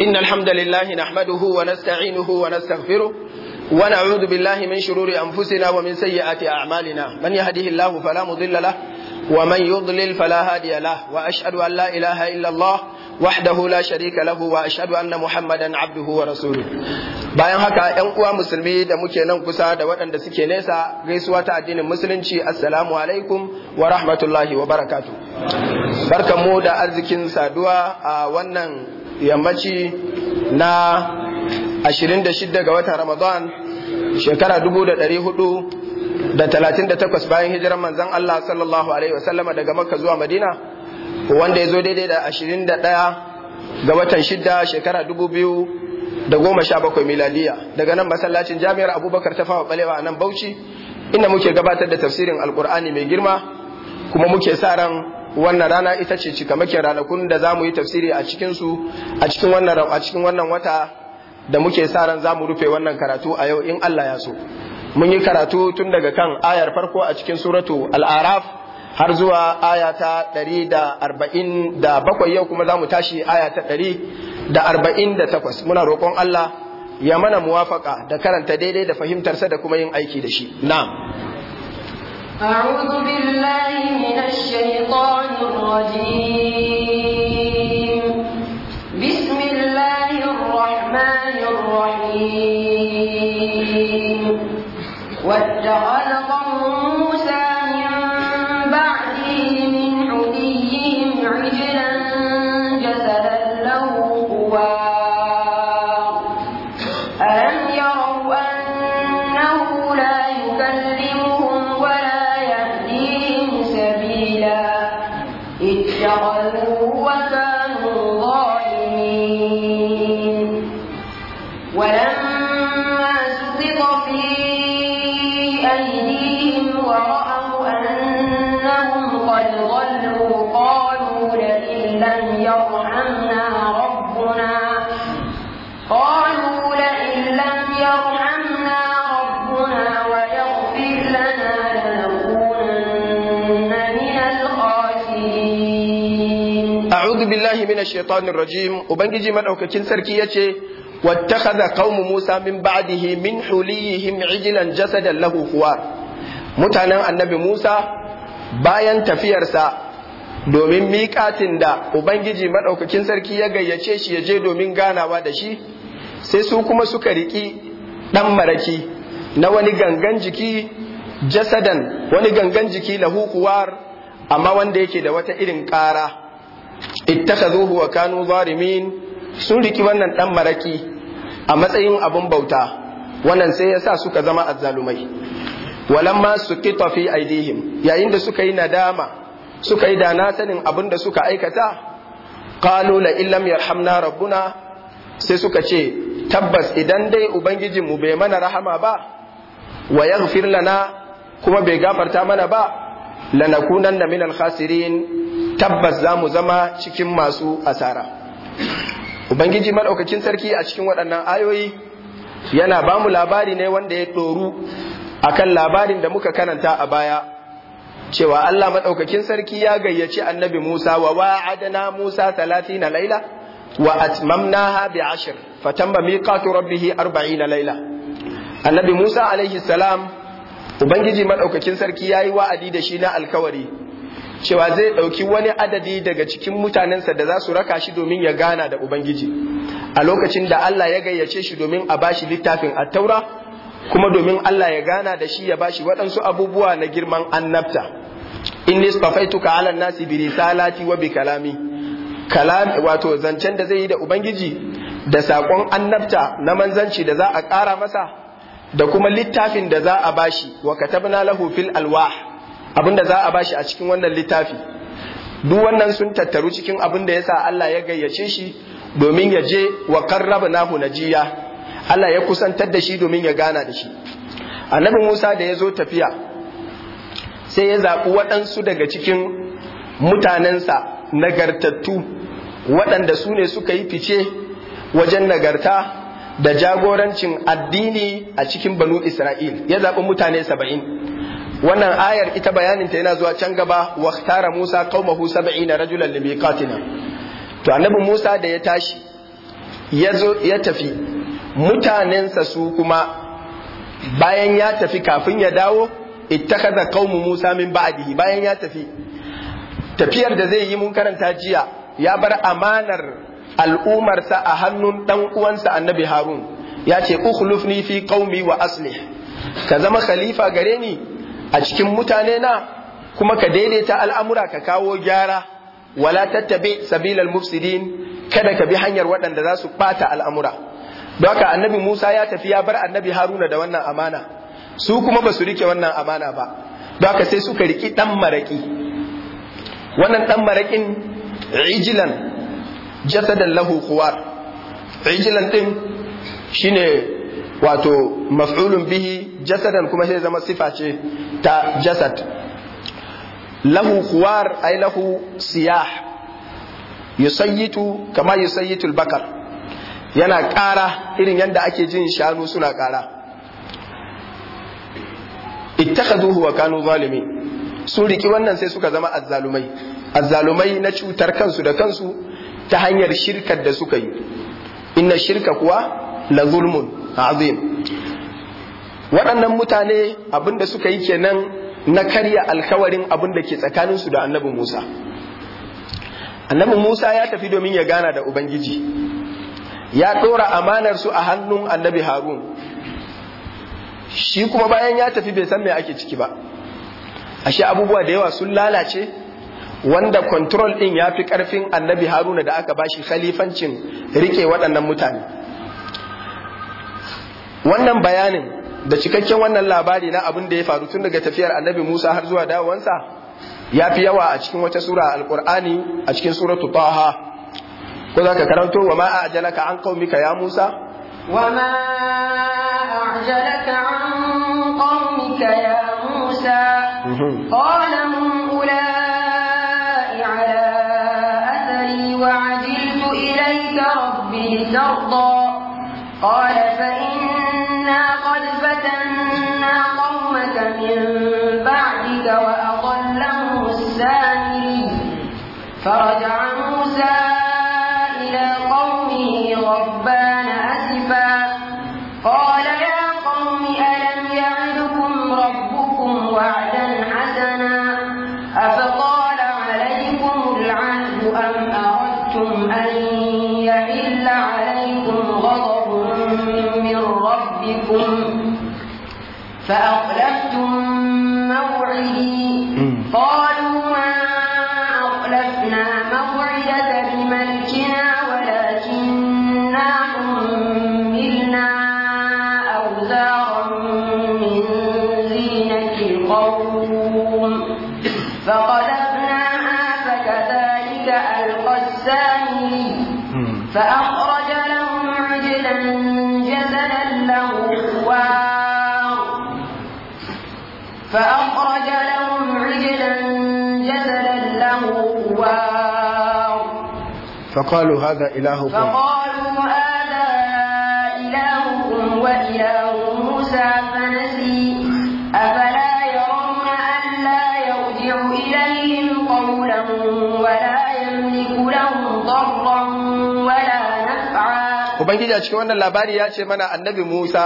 إن الحمد لله نحمده ونستعينه ونستغفره ونعوذ بالله من شرور أنفسنا ومن سيئات أعمالنا من يهده الله فلا مضل له ومن يضلل فلا هادي له وأشهد أن لا إله إلا الله وحده لا شريك له وأشهد أن محمدا عبده ورسوله bayan haka ‘yan uwa musulmi da muke nan kusa da waɗanda suke nesa gaisuwa ta addinin musulunci assalamu alaikum wa rahmatullahi wa barakatu barkanmu da arzikin saduwa a wannan yammaci na 26 ga watan Ramadan shekara 438 bayan hijirar manzan Allah sallallahu alaihi wasallama daga Makka zuwa Madina wanda ya zo daidai da 21 ga watan 6 shekara 2017 miladiya daga nan masallacin jami'ar Abubakar ta fawa balewa a nan Bauchi inda muke gabatar da tafsirin Alkur'ani mai girma kuma muke sa ran wannan rana ita ce cikamakin ranakun da za mu yi tafsiri a cikinsu a cikin wannan wata da muke sa ran za mu rufe wannan karatu a yau in Allah ya so mun yi karatu tun daga kan ayar farko a cikin suratu al har zuwa aya ta bakwai yau kuma za mu tashi aya ta 148 muna roƙon Allah ya mana muwafaka da karanta daidai da fahimtarsa da kuma yin aiki da shi na'am أعوذ بالله من الشيطان الرجيم بسم الله الرحمن الرحيم واتخذ billahi minash shaitanir rajim ubangiji madaukakin sarki yace wattakhadha qaumu musa min ba'dihi min huliyihim ijlan jasadan lahu huwa mutanen annabi musa bayan tafiyarsa domin miƙatin da ubangiji madaukakin sarki ya gayyace shi ya je domin ganawa da shi sai su kuma suka riki ɗan maraki na wani gangan jiki jasadan wani gangan jiki lahu kuwar amma wanda yake da wata irin ƙara ittakhadhuhu wa kanu zalimin sun riki wannan dan maraki a matsayin abun bauta wannan sai yasa suka zama azzalumai walamma sukita fi aidihim yayin da suka yi nadama suka yi dana sanin abin da suka aikata qalu la illam yarhamna rabbuna sai suka ce tabbas idan dai ubangijin mu bai mana rahama ba wa yaghfir lana kuma bai gafarta mana ba lanakunanna minal khasirin tabbas za mu zama cikin masu asara ubangiji maɗaukakin sarki a cikin waɗannan ayoyi yana ba mu labari ne wanda ya ɗoru a kan labarin da muka karanta a baya cewa Allah maɗaukakin sarki ya gayyaci annabi Musa wa wa'adana Musa na laila wa atmamnaha bi ashir fatan ba miƙatu rabbihi arba'i na laila annabi Musa alaihi salam ubangiji maɗaukakin sarki ya yi wa'adi da shi na alkawari cewa zai ɗauki wani adadi daga cikin mutanensa da za su raka shi domin ya gana da Ubangiji a lokacin da Allah ya gayyace shi domin a bashi littafin attaura kuma domin Allah ya gana da shi ya bashi waɗansu abubuwa na girman annabta inni tuka alan nasi bi risalati wa bi kalami wato zancen da zai yi da Ubangiji da saƙon annabta na manzanci da za a ƙara masa da kuma littafin da za a bashi wa katabna lahu fil alwah abinda za a bashi a cikin wannan littafi duk wannan sun tattaru cikin abin da sa Allah ya gayyace shi domin ya je wa qarrabnahu najiya Allah ya kusantar da shi domin ya gana da shi annabi Musa da ya zo tafiya sai ya zaɓi waɗansu daga cikin mutanensa nagartattu waɗanda su ne suka yi fice wajen nagarta da jagorancin addini a cikin banu Isra'il ya zaɓi mutane saba'in wannan ayar ita bayaninta yana zuwa can gaba waktara Musa qaumahu 70 rajulan limiqatina to annabi Musa da ya tashi ya zo ya tafi mutanensa su kuma bayan ya tafi kafin ya dawo ittakhadha qaumu Musa min ba'dihi bayan ya tafi tafiyar da zai yi mun karanta jiya ya bar amanar sa a hannun dan uwansa annabi Harun ya ce ukhlifni fi qaumi wa aslih ka zama khalifa gare ni a cikin mutane na kuma ka daidaita al'amura ka kawo gyara wala tattabi sabilal mufsidin kada ka bi hanyar waɗanda za su ɓata al'amura haka annabi Musa ya tafi ya bar annabi Haruna da wannan amana su kuma ba su rike wannan amana ba haka sai suka riki ɗan maraƙi wannan ɗan maraƙin ijilan jasadan lahu kuwar ijilan ɗin shine wato maf'ulun bihi jasadan kuma sai zama sifa ce ta jasad lahu khuwar ay lahu siyah yusayyitu kama yusayitu al-bakar yana kara irin yadda ake jin shanu suna ƙara ittakhaduhu wa kanu zalimin su riki wannan sai suka zama azzalumai azzalumai na cutar kansu da kansu ta hanyar shirkar da suka yi inna shirka kuwa la zulmun azim waɗannan mutane abin da suka yi kenan na karya alkawarin abin da ke su da annabi Musa annabi Musa ya tafi domin ya gana da Ubangiji ya ɗora amanarsu a hannun annabi Harun shi kuma bayan ya tafi bai san me ake ciki ba ashe abubuwa da yawa sun lalace wanda control ɗin ya fi ƙarfin annabi Haruna da aka bashi khalifancin rike waɗannan mutane wannan bayanin da cikakken wannan labari na abin da ya faru tun daga tafiyar annabi Musa har zuwa dawowansa ya fi yawa a cikin wata sura alkur'ani a cikin suratu taha ko za ka karanto wa ma a'jalaka an qaumika ya Musa wa ma a'jalaka an qaumika ya Musa mhm. qala hum ula'i ala athari wa ajiltu ilayka rabbi tarda qala fa إنا قد فتنا قومك من بعدك وأضلهم السامري فرجعنا فقالوا هذا إلهكم فقالوا هذا إلهكم وإله موسى فنسي أفلا يرون لا يرجع إليهم قولا ولا يملك لهم ضرا ولا نفعا Ubangiji a cikin wannan labari ya ce mana annabi Musa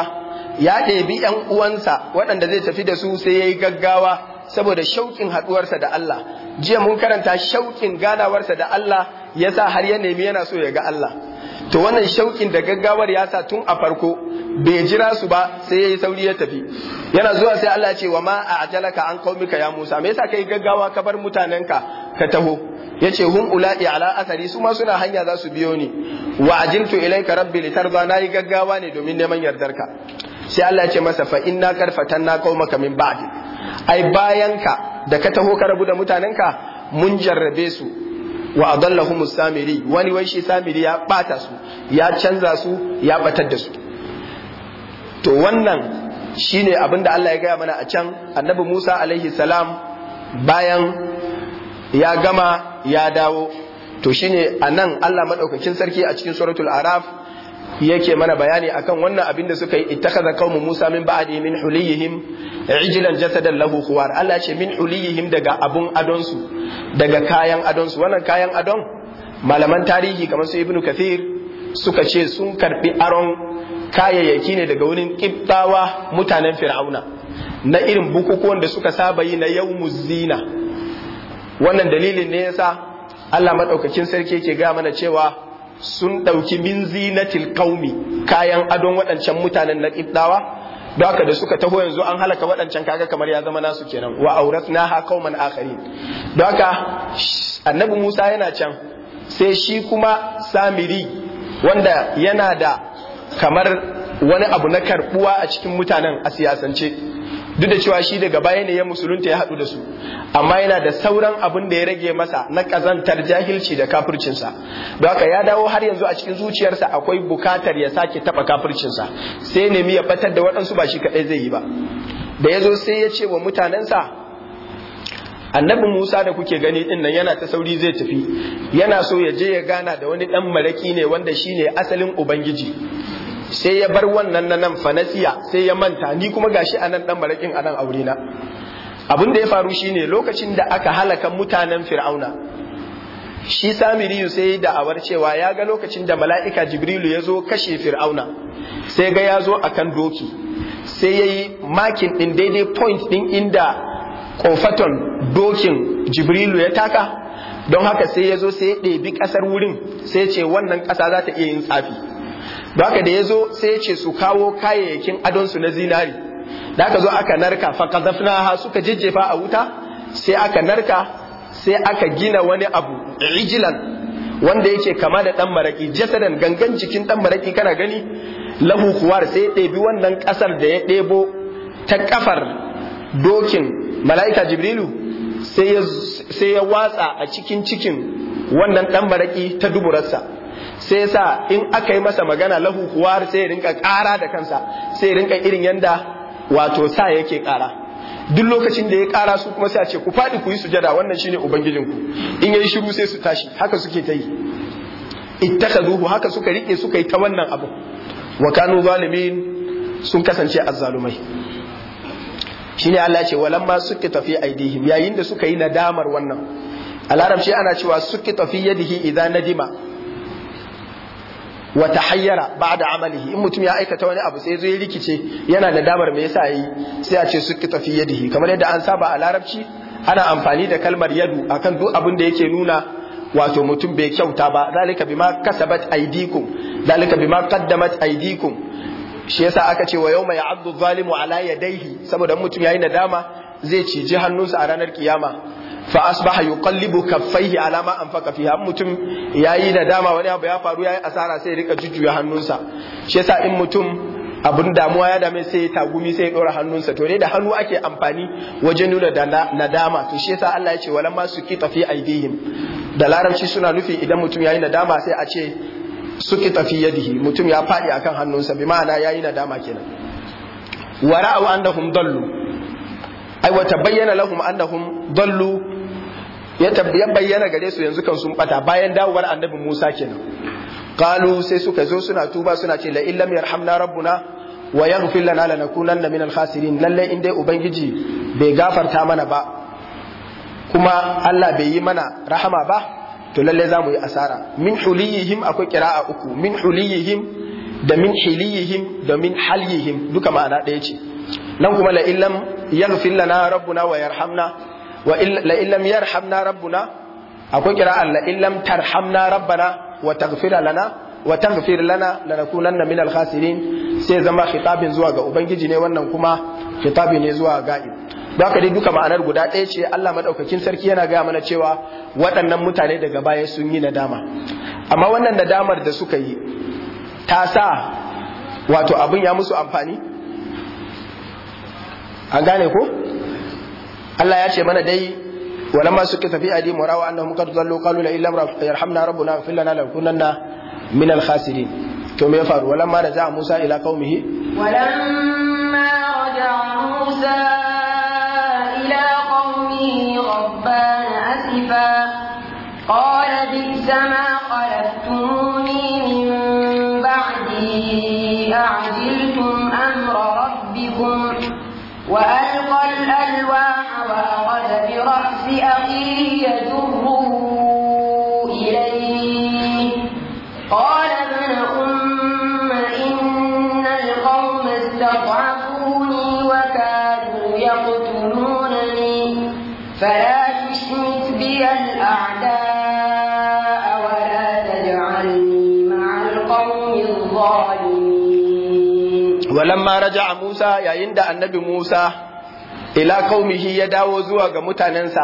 ya ɗebi ‘yan uwansa waɗanda zai tafi da su sai ya yi gaggawa saboda shauƙin haɗuwarsa da Allah. Jiya mun karanta shauƙin ganawarsa da Allah yasa har ya nemi yana so ya ga Allah to wannan shaukin da gaggawar ya sa tun a farko bai jira su ba sai ya yi sauri ya tafi yana zuwa sai Allah ce wa ma a ajalaka an kaumika ya Musa me yasa kai gaggawa ka bar mutanenka ka taho yace hum ula'i ala asari su ma suna hanya za su biyo ni wa ajiltu ilayka rabbi litarda nayi gaggawa ne domin neman yardar ka. sai Allah ya ce masa fa inna na kaumaka min ba'di ai bayan ka da ka taho ka rabu da mutanenka mun jarrabe su wa adallahum samiri wani wai shi samiri ya bata su ya canza su ya batar da su to wannan shine abin da Allah ya gaya mana a can annabi Musa alaihi salam bayan ya gama ya dawo to shine anan Allah madaukakin sarki a cikin suratul araf yake mana bayani akan wannan abin da suka yi ittakhadha qaumu Musa min ba'di min huliyihim ijlan jasadan lahu khuwar Allah ce min huliyihim daga abun adon su daga kayan adon su wannan kayan adon malaman tarihi kamar su Ibn Kathir suka ce sun karbi aron kayayyaki ne daga wurin kibtawa mutanen Fir'auna na irin bukukuwan da suka saba yi na yawmuz zina wannan dalilin ne yasa Allah madaukakin sarki yake ga mana cewa sun ɗauki min zinatil qaumi kayan adon waɗancan mutanen na ƙibdawa don haka da suka taho yanzu an halaka waɗancan kaga kamar ya zama nasu kenan wa ha qauman akharin don haka annabi Musa yana can sai shi kuma Samiri wanda yana da kamar wani abu na karɓuwa a cikin mutanen a siyasance duk da cewa shi daga baya ne ya musulunta ya haɗu da su amma yana da sauran abin da ya rage masa na kazantar jahilci da kafircinsa don haka ya dawo har yanzu a cikin zuciyarsa akwai bukatar ya sake taɓa kafircinsa sai nemi ya batar da waɗansu ba shi kaɗai zai yi ba da ya zo sai ya ce wa mutanensa annabi musa da kuke gani dinnan yana ta sauri zai tafi yana so ya je ya gana da wani dan maraki ne wanda shine asalin ubangiji sai ya bar wannan na nan fanasiya sai ya manta ni kuma gashi anan dan barakin anan aure na abin da ya faru shine lokacin da aka halaka mutanen fir'auna shi samiri sai ya da'awar cewa ya ga lokacin da mala'ika jibrilu ya zo kashe fir'auna sai ga ya zo a doki sai ya yi makin ɗin daidai point ɗin inda kofaton dokin jibrilu ya taka don haka sai ya zo sai ya ɗebi ƙasar wurin sai ce wannan ƙasa za ta iya yin tsafi da haka da ya zo sai ya ce su kawo kayayyakin adonsu na zinari da aka zo aka narka fakazafnaha suka jejjefa a wuta sai aka narka sai aka gina wani abu ijilan wanda yake kama da dan maraki jasadan gangan jikin dan maraki kana gani lahu kuwar sai ya ɗebi wannan ƙasar da ya ɗebo ta kafar dokin mala'ika jibrilu sai ya watsa a cikin cikin wannan dan maraki ta duburarsa sai sa in aka yi masa magana lahu kuwa sai ya rinka ƙara da kansa sai ya rinka irin yanda wato sa yake ƙara duk lokacin da ya ƙara su kuma sai a ce ku faɗi ku yi sujada wannan shine ubangijinku in yayi shiru sai su tashi haka suke ta yi ittakhaduhu haka suka rike suka yi ta wannan abu wa kanu zalimin sun kasance azzalumai shine Allah ce walamma suke tafi aidihim yayin da suka yi nadamar wannan a larabci ana cewa suke tafi yadihi idan nadima Wata wa ba da amalihi in mutum ya aikata wani abu sai zo ya rikice yana da damar me yasa yi sai a ce sukita fi yadihi kamar yadda an saba a larabci ana amfani da kalmar yadu akan duk abin da yake nuna wato mutum bai kyauta ba zalika bima kasabat aidikum zalika bima qaddamat aidikum shi yasa aka ce wa yawma ya'addu zalimu ala yadayhi saboda mutum yayi nadama zai ciji hannunsa a ranar kiyama fa asbaha yuqallibu kaffaihi ala ma anfaqa fiha mutum yayi nadama wani abu ya faru yayi asara sai rika jujjuya hannunsa shi yasa in mutum abun damuwa ya dame sai ya tagumi sai ya dora hannunsa to dai da hannu ake amfani wajen nuna nadama to shi yasa Allah ya ce walamma sukita fi aidihim da larabci suna nufi idan mutum yayi nadama sai a ce sukita fi yadihi mutum ya fadi akan hannunsa bi ma'ana yayi nadama kenan wara'u annahum dallu ai wata bayyana lahum annahum dallu ya bayyana gare su yanzu kan sun bata bayan dawowar annabi Musa kenan qalu sai suka zo suna tuba suna ce la illam yarhamna rabbuna wa yaghfir lana lanakunanna minal khasirin lalle in dai ubangiji bai gafarta mana ba kuma Allah bai yi mana rahama ba to lallai za mu yi asara min huliyihim akwai kira'a uku min huliyihim da min hiliyihim da min halyihim duka ma'ana ɗaya ce nan kuma la illam yaghfir lana rabbuna wa yarhamna wa la illam yarhamna rabbuna akwai qira'a la illam tarhamna rabbana wa taghfir lana wa taghfir lana lanakunanna minal khasirin sai zama khitabin zuwa ga ubangiji ne wannan kuma khitabi ne zuwa ga don haka dai duka ma'anar guda ɗaya ce Allah madaukakin sarki yana gaya mana cewa waɗannan mutane daga baya sun yi nadama amma wannan nadamar da suka yi ta sa wato abin ya musu amfani an gane ko Allah ya ce mana dai walamma suka tafi adi murawa annahum qad dallu qalu la illam yarhamna rabbuna ighfir lana kunanna min al-khasirin to me ya faru walamma da za Musa ila qaumihi walamma raja Musa ila qaumihi rabbana asifa qala bi sama qalaftuni min ba'di a'jiltum amra rabbikum wa alqa al-alwa وأراد برأس أخيه يجره إليه قال ابن أم إن القوم استضعفوني وكادوا يقتلونني فلا تشمت بي الأعداء ولا تجعلني مع القوم الظالمين ولما رجع موسى يا عند النبي موسى ila kaumihi ya dawo zuwa ga mutanensa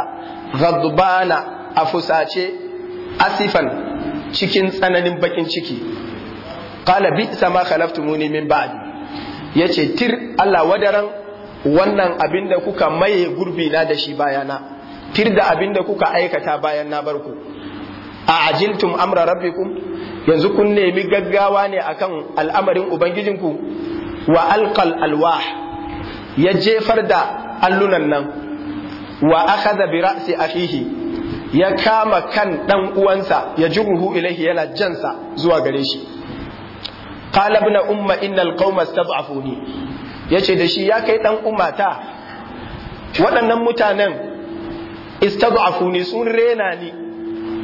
ghadbana a fusace asifan cikin tsananin bakin ciki qala bi sama khalaftumuni min ba'di yace tir Allah wadaran wannan abinda kuka maye gurbi na da shi bayana tir da abinda kuka aikata bayan na barku a ajiltum amra rabbikum yanzu kun nemi gaggawa ne akan al'amarin ubangijinku wa alqal alwah ya jefar da allunan nan wa akhadha bi ra'si akhihi ya kama kan ɗan uwansa ya ruhu ilaihi yana jansa zuwa gare shi qala na umma innal qauma Ya yace da shi ya kai dan waɗannan mutanen istad'afuni sun rena ni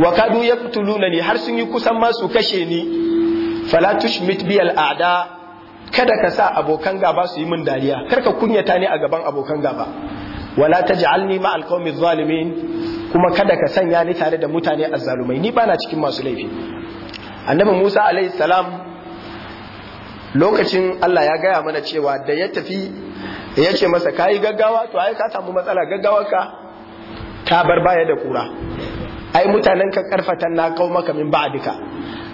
wa kadu yaqtuluna ni har sun yi kusan masu kashe ni fala tushmit bi al a'da kada ka sa abokan gaba su yi min dariya kar ka kunyata ni a gaban abokan gaba wala taj'alni ma alqawmi zalimin kuma kada ka sanya ni tare da mutane azzalumai ni bana cikin masu laifi annabi Musa alaihi salam lokacin Allah ya gaya mana cewa da ya tafi ya ce masa yi gaggawa to ai ka samu matsala gaggawarka ta bar baya da kura ai mutanen ka karfatan na kaumaka min ba'dika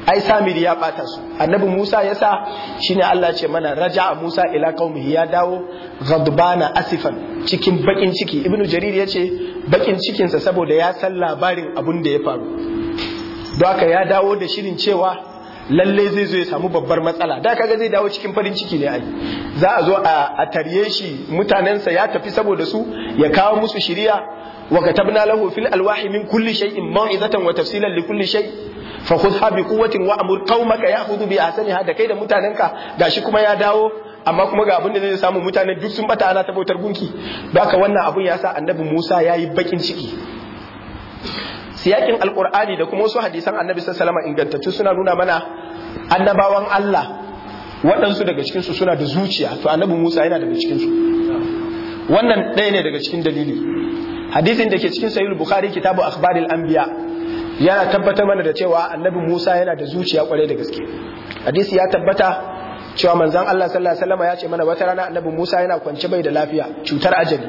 ai samir ya bata su annabi Musa ya sa shi ne Allah ce mana Raja a Musa ila qaumihi ya dawo ghadbana asifan cikin bakin ciki ibnu jarir ya ce bakin cikinsa saboda ya san labarin abun da ya faru don haka ya dawo da shirin cewa lalle zai zo ya samu babbar matsala da kaga zai dawo cikin farin ciki ne ai za a zo a tarye shi mutanensa ya tafi saboda su ya kawo musu shiriya wa katabna lahu fil alwahi min kulli shay'in mau'izatan wa tafsilan li kulli shay' fa khudha bi quwwatin wa amur qaumaka ya'khudhu bi ahsaniha da kai da mutanenka gashi kuma ya dawo amma kuma ga abin da zai samu mutanen duk sun bata ana ta bautar gunki baka wannan abun ya sa annabi Musa yayi bakin ciki siyakin alqur'ani da kuma wasu hadisan annabi sallallahu alaihi ingantattu suna nuna mana annabawan Allah waɗansu daga cikin su suna da zuciya to annabi Musa yana daga cikin su wannan ɗaya ne daga cikin dalili hadisin da ke cikin sahih bukhari kitabu akhbaril anbiya yana tabbatar mana da cewa annabi Musa yana da zuciya kwarai da gaske hadisi ya tabbata cewa manzon Allah sallallahu alaihi wasallam ya ce mana wata rana annabi Musa yana kwance bai da lafiya cutar ajali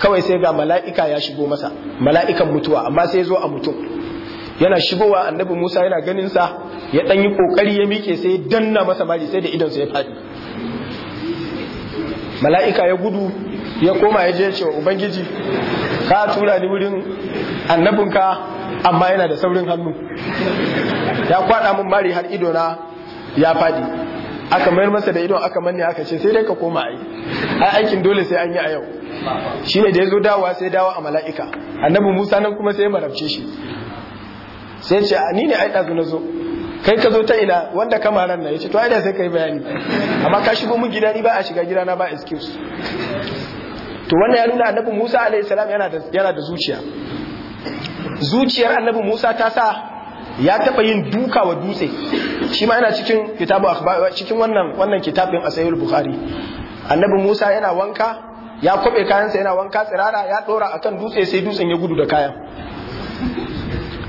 kawai sai ga mala'ika ya shigo masa mala'ikan mutuwa amma sai zo a mutum yana shigowa annabi Musa yana ganin sa ya dan yi kokari ya mike sai danna masa mari sai da idan sa ya fadi mala'ika ya gudu ya koma ya je ya ce ubangiji ka tura ni wurin annabinka amma yana da saurin hannu ya kwada mun mari har ido na ya fadi aka mayar masa da idon aka manne aka ce sai dai ka koma ai ai aikin dole sai an yi a yau shine da yazo dawa sai dawa a mala'ika annabi Musa nan kuma sai ya marabce shi sai ce ni ne ai dazu nazo kai ka zo ta ina wanda kama ran na yace to ai da sai kai bayani amma ka shigo mun gidani ba a shiga gida na ba excuse to wannan ya nuna annabi Musa alaihi salam yana da yana da zuciya zuciyar annabi Musa ta sa ya taba yin duka wa dutse shi ma yana cikin kitabu akhbar cikin wannan wannan kitabin asayul bukhari annabi Musa yana wanka ya kwabe kayansa yana wanka tsirara ya dora akan dutse sai dutsen ya gudu da kayan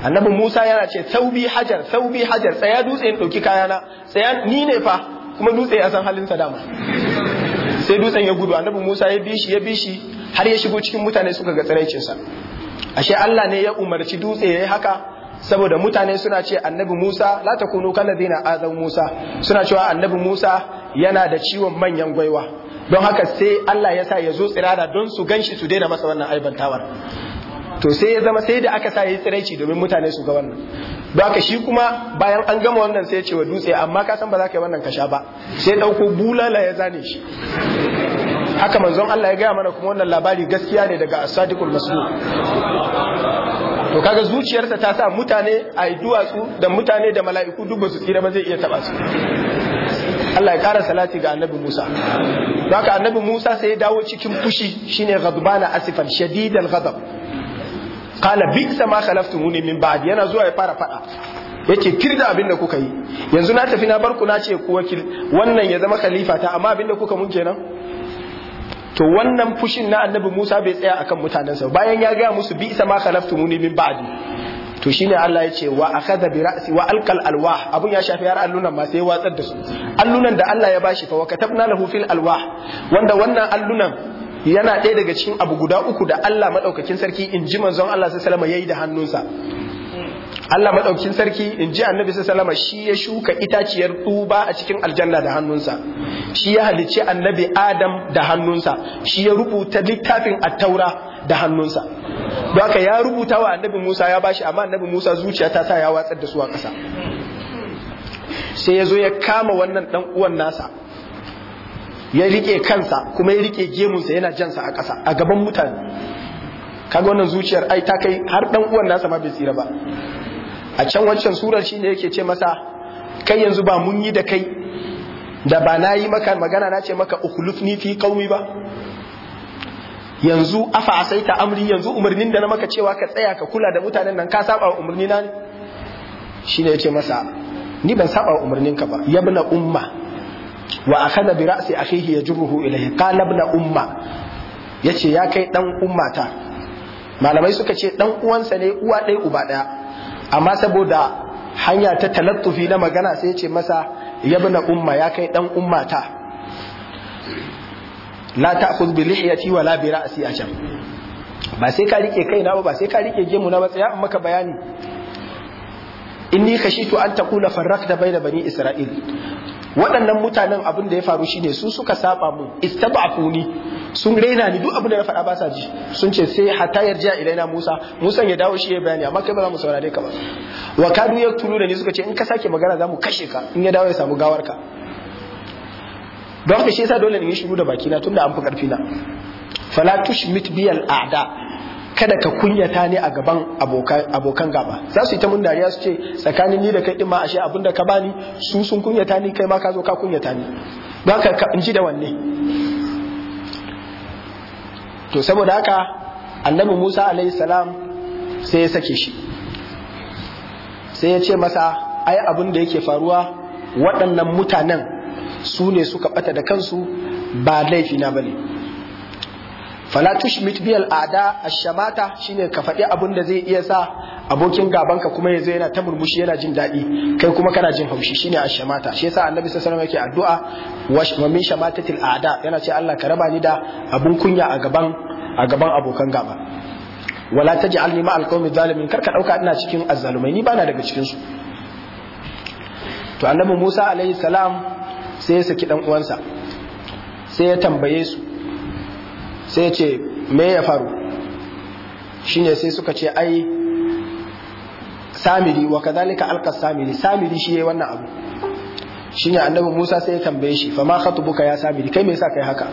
annabi Musa yana ce saubi hajar saubi hajar tsaya dutse in dauki kayana tsaya ni ne fa kuma dutse ya san halin sa dama sai dutsen ya gudu annabi Musa ya bi shi ya bi shi har ya shigo cikin mutane suka ga tsiraicinsa ashe Allah ne ya umarci dutse yayi haka saboda mutane suna ce annabi Musa la takunu kallazina azan Musa suna cewa annabi Musa yana da ciwon manyan gwaiwa don haka sai Allah ya sa ya zo tsirara don su ganshi su daina masa wannan aibantawar to sai ya zama sai da aka sa ya yi tsiraici domin mutane su ga wannan don haka shi kuma bayan an gama wannan sai ya ce wa dutse amma ka san ba za ka yi wannan kasha ba sai ɗauko bulala ya zane shi haka manzon Allah ya gaya mana kuma wannan labari gaskiya ne daga as-sadiqul to kaga zuciyarsa ta sa mutane a yi duwatsu da mutane da mala'iku duk ba su tsira ba zai iya taba su Allah ya kara salati ga annabi Musa don haka annabi Musa sai ya dawo cikin fushi shine ghadbana asifan shadidan ghadab qala bi'sa ma khalaftumuni min ba'd yana zuwa ya fara fada yace kirda abin da kuka yi yanzu na tafi na barku na ce ku wakil wannan ya zama khalifa ta amma abin da kuka mun kenan to wannan fushin na annabi Musa bai tsaya akan mutanensa bayan ya gaya musu bi isa ma muni min ba'di to shine Allah ya ce wa akhadha bi ra'si wa alkal alwah abun ya shafi har allunan masu sai watsar da su allunan da Allah ya bashi fa wa katabna lahu fil alwah wanda wannan allunan yana ɗaya daga cikin abu guda uku da Allah madaukakin sarki in ji manzon Allah sallallahu alaihi wasallam yayi da hannunsa Allah madaukin sarki in ji annabi salama shi ya shuka itaciyar duba a cikin aljanna da hannunsa shi ya halicci annabi adam da hannunsa shi ya rubuta littafin attaura da hannunsa don haka ya rubuta wa annabi musa ya bashi amma annabi musa zuciya ta sa ya watsar da su a ƙasa sai ya zo ya kama wannan dan uwan nasa ya rike kansa kuma ya rike gemunsa yana jansa a ƙasa a gaban mutane kaga wannan zuciyar ai ta kai har dan uwan nasa ma bai tsira ba a can wancan surar shi ne yake ce masa kai yanzu ba mun yi da kai da ba na yi maka magana na ce maka ukhlifni fi qaumi ba yanzu afa asaita amri yanzu umarnin da na maka cewa ka tsaya ka kula da mutanen nan ka saba wa umarni na ne ya ce masa ni ban saba wa umarnin ka ba yabna umma wa akhadha bi ra'si akhihi yajruhu ilayhi qala ibn umma yace ya kai dan ummata malamai suka ce dan uwansa ne uwa ɗaya uba ɗaya amma saboda hanya ta talattufi na magana sai ce masa yabna umma ya kai dan umma ta, la ta'khudh bi lihiyati la bi ra'si a can ba sai ka rike na ba ba sai ka rike gemu na ba tsaya maka bayani inni khashitu an taqula farraqta bayna bani isra'il waɗannan mutanen abin da ya faru shine su suka saba mun istaba'uni sun raina ni duk abin da na faɗa ba sa ji sun ce sai hatta yarja ilaina Musa Musan ya dawo shi ya bayani amma kai ba za mu saurare ka ba wa kadu tulu da ni suka ce in ka sake magana za mu kashe ka in ya dawo ya samu gawar ka don haka shi yasa dole ne ya shiru da na tunda an fi karfi na fala tushmit biyal a'da kada ka kunyata ni a gaban abokan gaba za su yi ta mun dariya su ce tsakanin ni da kai ma ashe abin da ka bani su sun kunyata ni kai ma ka zo ka kunyata ni don ka in ji da wanne to saboda haka annabi Musa alayhi salam sai ya sake shi sai ya ce masa ai abin da yake faruwa waɗannan mutanen su ne suka ɓata da kansu ba laifi na ne. fala tushmit biyal ada ashamata shine ka faɗi abun da zai iya sa abokin gabanka kuma ya yazo yana ta murmushi yana jin daɗi kai kuma kana jin haushi shine ashamata shi yasa annabi sallallahu alaihi wasallam yake addu'a wa min shamatatil ada yana ce Allah ka raba ni da abun kunya a gaban a gaban abokan gaba wala taj'alni ma'al qaumi zalimin kar ka dauka ina cikin azzalumai ni bana daga cikin su to annabi Musa alaihi salam sai ya saki dan uwansa sai ya tambaye su sai ce me ya faru shine sai suka ce ai samiri wa kadhalika alqa samiri samiri shi yayi wannan abu shine annabi Musa sai ya tambaye shi fa ma khatubuka ya samiri kai me yasa kai haka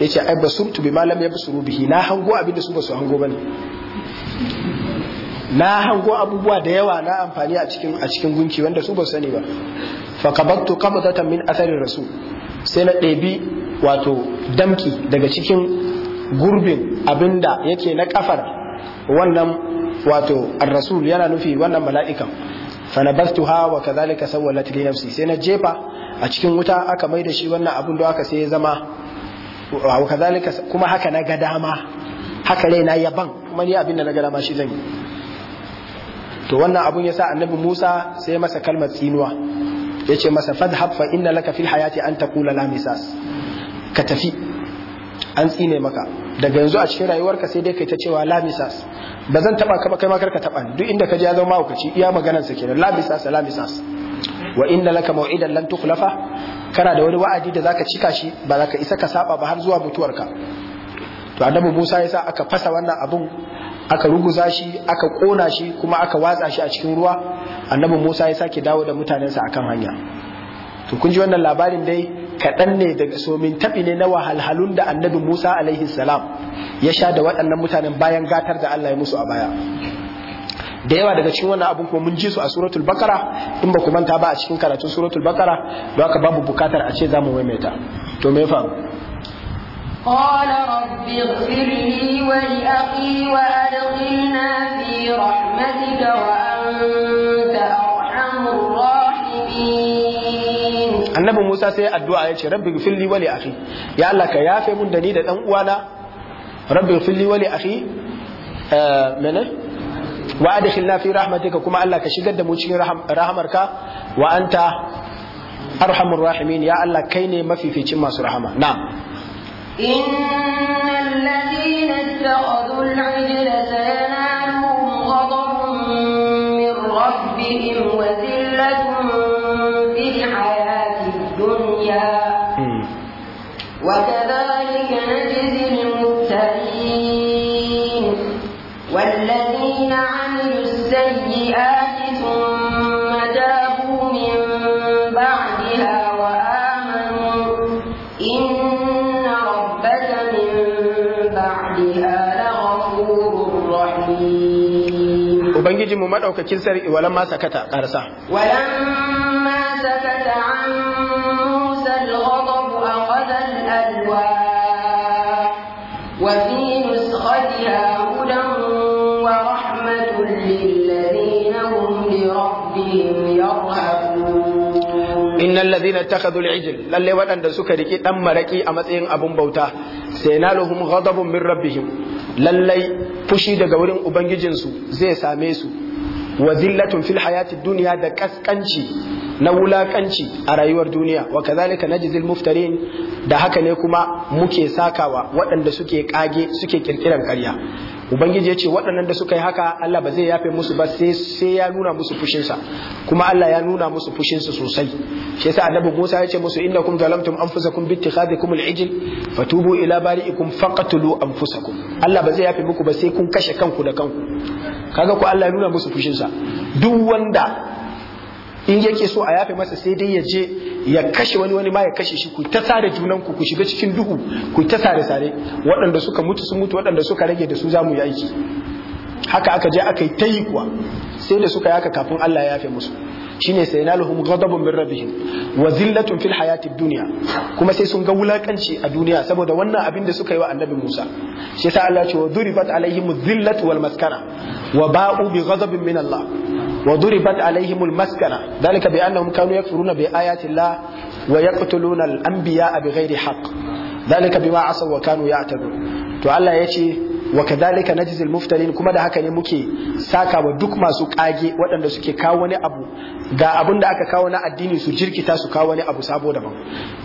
yace ai basurtu bima lam yabsuru bihi na hango abin da su basu hango bane na hango abubuwa da yawa na amfani a cikin a cikin gunki wanda su ba sani ba fa qabattu qabdatan min athari rasul sai na ɗebi wato damki daga cikin gurbin abinda yake na kafar wannan wato ar-rasul yana nufi wannan mala'ikan fanabastuha wa kadhalika sawwalat li nafsi sai na jefa a cikin wuta aka mai da shi wannan abun da aka sai zama wa kadhalika kuma haka na ga dama haka rai na yaban kuma ni abinda da na ga dama shi zan yi to wannan abun yasa annabi Musa sai masa kalmar tsinuwa yace masa fadhhab fa inna laka fil hayati an taqula la misas ka tafi an tsine maka daga yanzu a cikin rayuwarka sai dai kai ta cewa lamisas ba zan taba ka kai ma karka taba duk inda ka je ya zama hukaci iya maganar sa kenan lamisas lamisas wa inna laka maw'idan lan tukhlafa kana da wani wa'adi da zaka cika shi ba zaka isa ka saba ba har zuwa mutuwarka to annabi Musa ya sa aka fasa wannan abun aka ruguza shi aka kona shi kuma aka watsa shi a cikin ruwa annabi Musa ya sake dawo da mutanen mutanensa akan hanya to kun ji wannan labarin dai kaɗan ne daga somin taɓi ne na wahalhalun da annabi Musa alaihi salam ya sha da waɗannan mutanen bayan gatar da Allah ya musu a baya da yawa daga cikin wannan abun kuma mun ji su a suratul bakara in ba ku manta ba a cikin karatun suratul bakara don haka babu bukatar a ce za mu maimaita to me faru قال رب اغفر لي ولأخي وأدخلنا في رحمتك وأنت annabi Musa sai addu'a ya ce rabbi gfirli wa li akhi ya Allah ka yafe mun da ni da dan uwana rabbi gfirli wa li akhi eh, mene wa adkhilna fi rahmatika kuma Allah ka shigar da mu cikin rahamarka wa an anta arhamur rahimin ya Allah kai ne mafificin masu rahama na'am إن الذين اتخذوا العجل سينالهم غضب من ربهم وذل وكذلك نجزي المبتلين والذين عملوا السيئات ثم تابوا من بعدها وآمنوا إن ربك من بعدها لغفور رحيم وبنجي ممن أو كتير سري ولما سكت قرصا ولما innal ladhina takhadhu al-ijl waɗanda suka riki ɗan maraki a matsayin abun bauta sai saynaluhum ghadabun min rabbihim lallai fushi daga wurin ubangijinsu zai same su wa zillatun fil hayati dunya da kaskanci na wulaƙanci a rayuwar duniya wa kazalika najzil muftarin da haka ne kuma muke sakawa waɗanda suke kage suke kirkiran ƙarya ubangiji ya ce waɗannan da suka yi haka Allah ba zai yafe musu ba sai ya nuna musu fushinsa kuma Allah ya nuna musu fushinsa sosai shi yasa annabi Musa ya ce musu innakum zalamtum anfusakum bi ittikhadikum al-ijl fatubu ila bari'ikum faqtulu anfusakum Allah ba zai yafe muku ba sai kun kashe kanku da kanku kaga ko Allah ya nuna musu fushinsa duk wanda in yake so a yafe masa sai dai ya je ya kashe wani wani ma ya kashe shi ku ta sare junan ku ku shiga cikin duhu ku ta sare sare waɗanda suka mutu sun mutu waɗanda suka rage da su za mu yi aiki haka aka je aka yi ta yi kuwa sai da suka yaka kafin Allah ya yafe musu shine sayanaluhum ghadabun min rabbihim wa zillatun fil hayati dunya kuma sai sun ga wulakanci a duniya saboda wannan abin da suka yi wa annabi Musa shi yasa Allah ce wa duribat alaihim zillatu wal maskara wa ba'u bi ghadabin min Allah wa duribat alaihim al maskana dalika bi annahum kanu yakfuruna bi ayati Allah wa yaqtuluna al anbiya bi ghairi haqq zalika bima asaw wa kanu ya'tadu to Allah yace wa kadhalika najzil muftalin kuma da haka ne muke saka wa duk masu kage waɗanda suke kawo wani abu ga abin da aka kawo na addini su jirkita su kawo wani abu sabo daban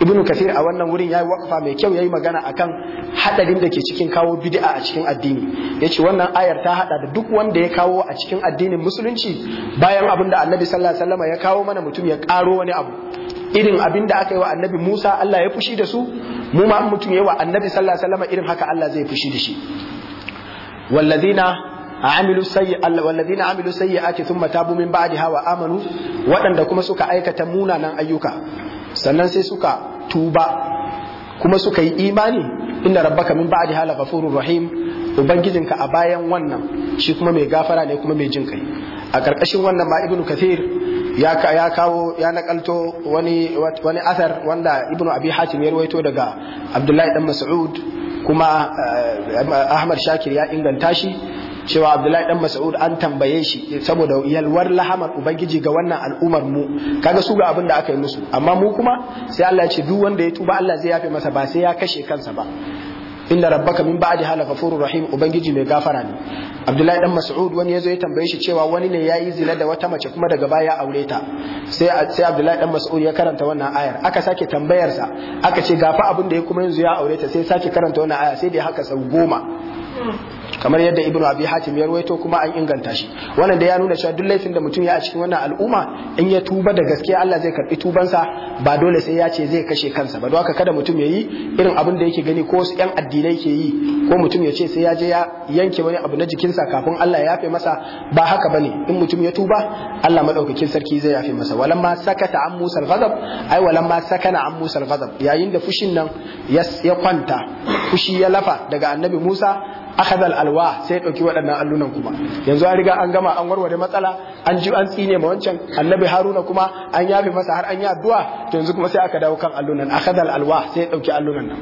ibnu kathir a wannan wurin yayi waqfa mai kyau yayi magana akan hadarin da ke cikin kawo bid'a a cikin addini yace wannan ayar ta hada da duk wanda ya kawo a cikin addinin musulunci bayan abin da annabi sallallahu alaihi wasallam ya kawo mana mutum ya karo wani abu irin abin da aka yi wa annabi Musa Allah ya fushi da su mu ma mutum yawa annabi sallallahu alaihi wasallam irin haka Allah zai fushi da shi walladina amilu sayyi'ati walladina amilu sayyi'ati thumma tabu min ba'diha wa amanu waɗanda kuma suka aikata munanan ayyuka sannan sai suka tuba kuma suka yi imani inna rabbaka min ba'diha laghafurur rahim ubangijinka a bayan wannan shi kuma mai gafara ne kuma mai jin kai a ƙarƙashin wannan ma ibnu kathir ya kawo ya nakalto wani wani athar wanda ibnu abi hatim ya rawaito daga abdullahi dan mas'ud kuma eh, ahmad shakir ya inganta shi cewa abdullahi dan mas'ud an tambaye shi saboda yalwar lahamar ubangiji ga wannan al'ummar mu kaga su ga abin da aka yi musu amma mu kuma sai Allah ya ce duk wanda ya tuba Allah zai yafe masa ba sai ya kashe kansa ba inna rabbaka min ba'di hala ghafurur rahim ubangiji mai gafara ne abdullahi dan mas'ud wani yazo ya tambaye shi cewa wani ne yayi zina da wata mace kuma daga baya aure ta sai sai abdullahi dan mas'ud ya karanta wannan ayar aka sake tambayar sa aka ce gafa abin da ya kuma yanzu ya aure ta sai sake karanta wannan aya sai da haka sau goma kamar yadda ibnu abi hatim ya ruwaito kuma an inganta shi wannan da ya nuna cewa duk laifin da mutum ya a cikin wannan al'umma in ya tuba da gaskiya Allah zai karbi tubansa ba dole sai ya ce zai kashe kansa ba don haka kada mutum ya yi irin abin da yake gani ko wasu yan addinai ke yi ko mutum ya ce sai ya je ya yanke wani abu na jikinsa kafin Allah ya yafe masa ba haka bane in mutum ya tuba Allah madaukakin sarki zai yafe masa ma sakata an musal ghadab ai ma sakana an musal ghadab yayin da fushin nan ya kwanta fushi ya lafa daga annabi Musa akhadha alwa sai ɗauki dauki waɗannan allunan kuma yanzu an riga an gama an warware matsala an ji an tsine ma wancan annabi haruna kuma an yafe masa har an yi addu'a to yanzu kuma sai aka dawo kan allunan akhadha alwa sai ɗauki dauki allunan nan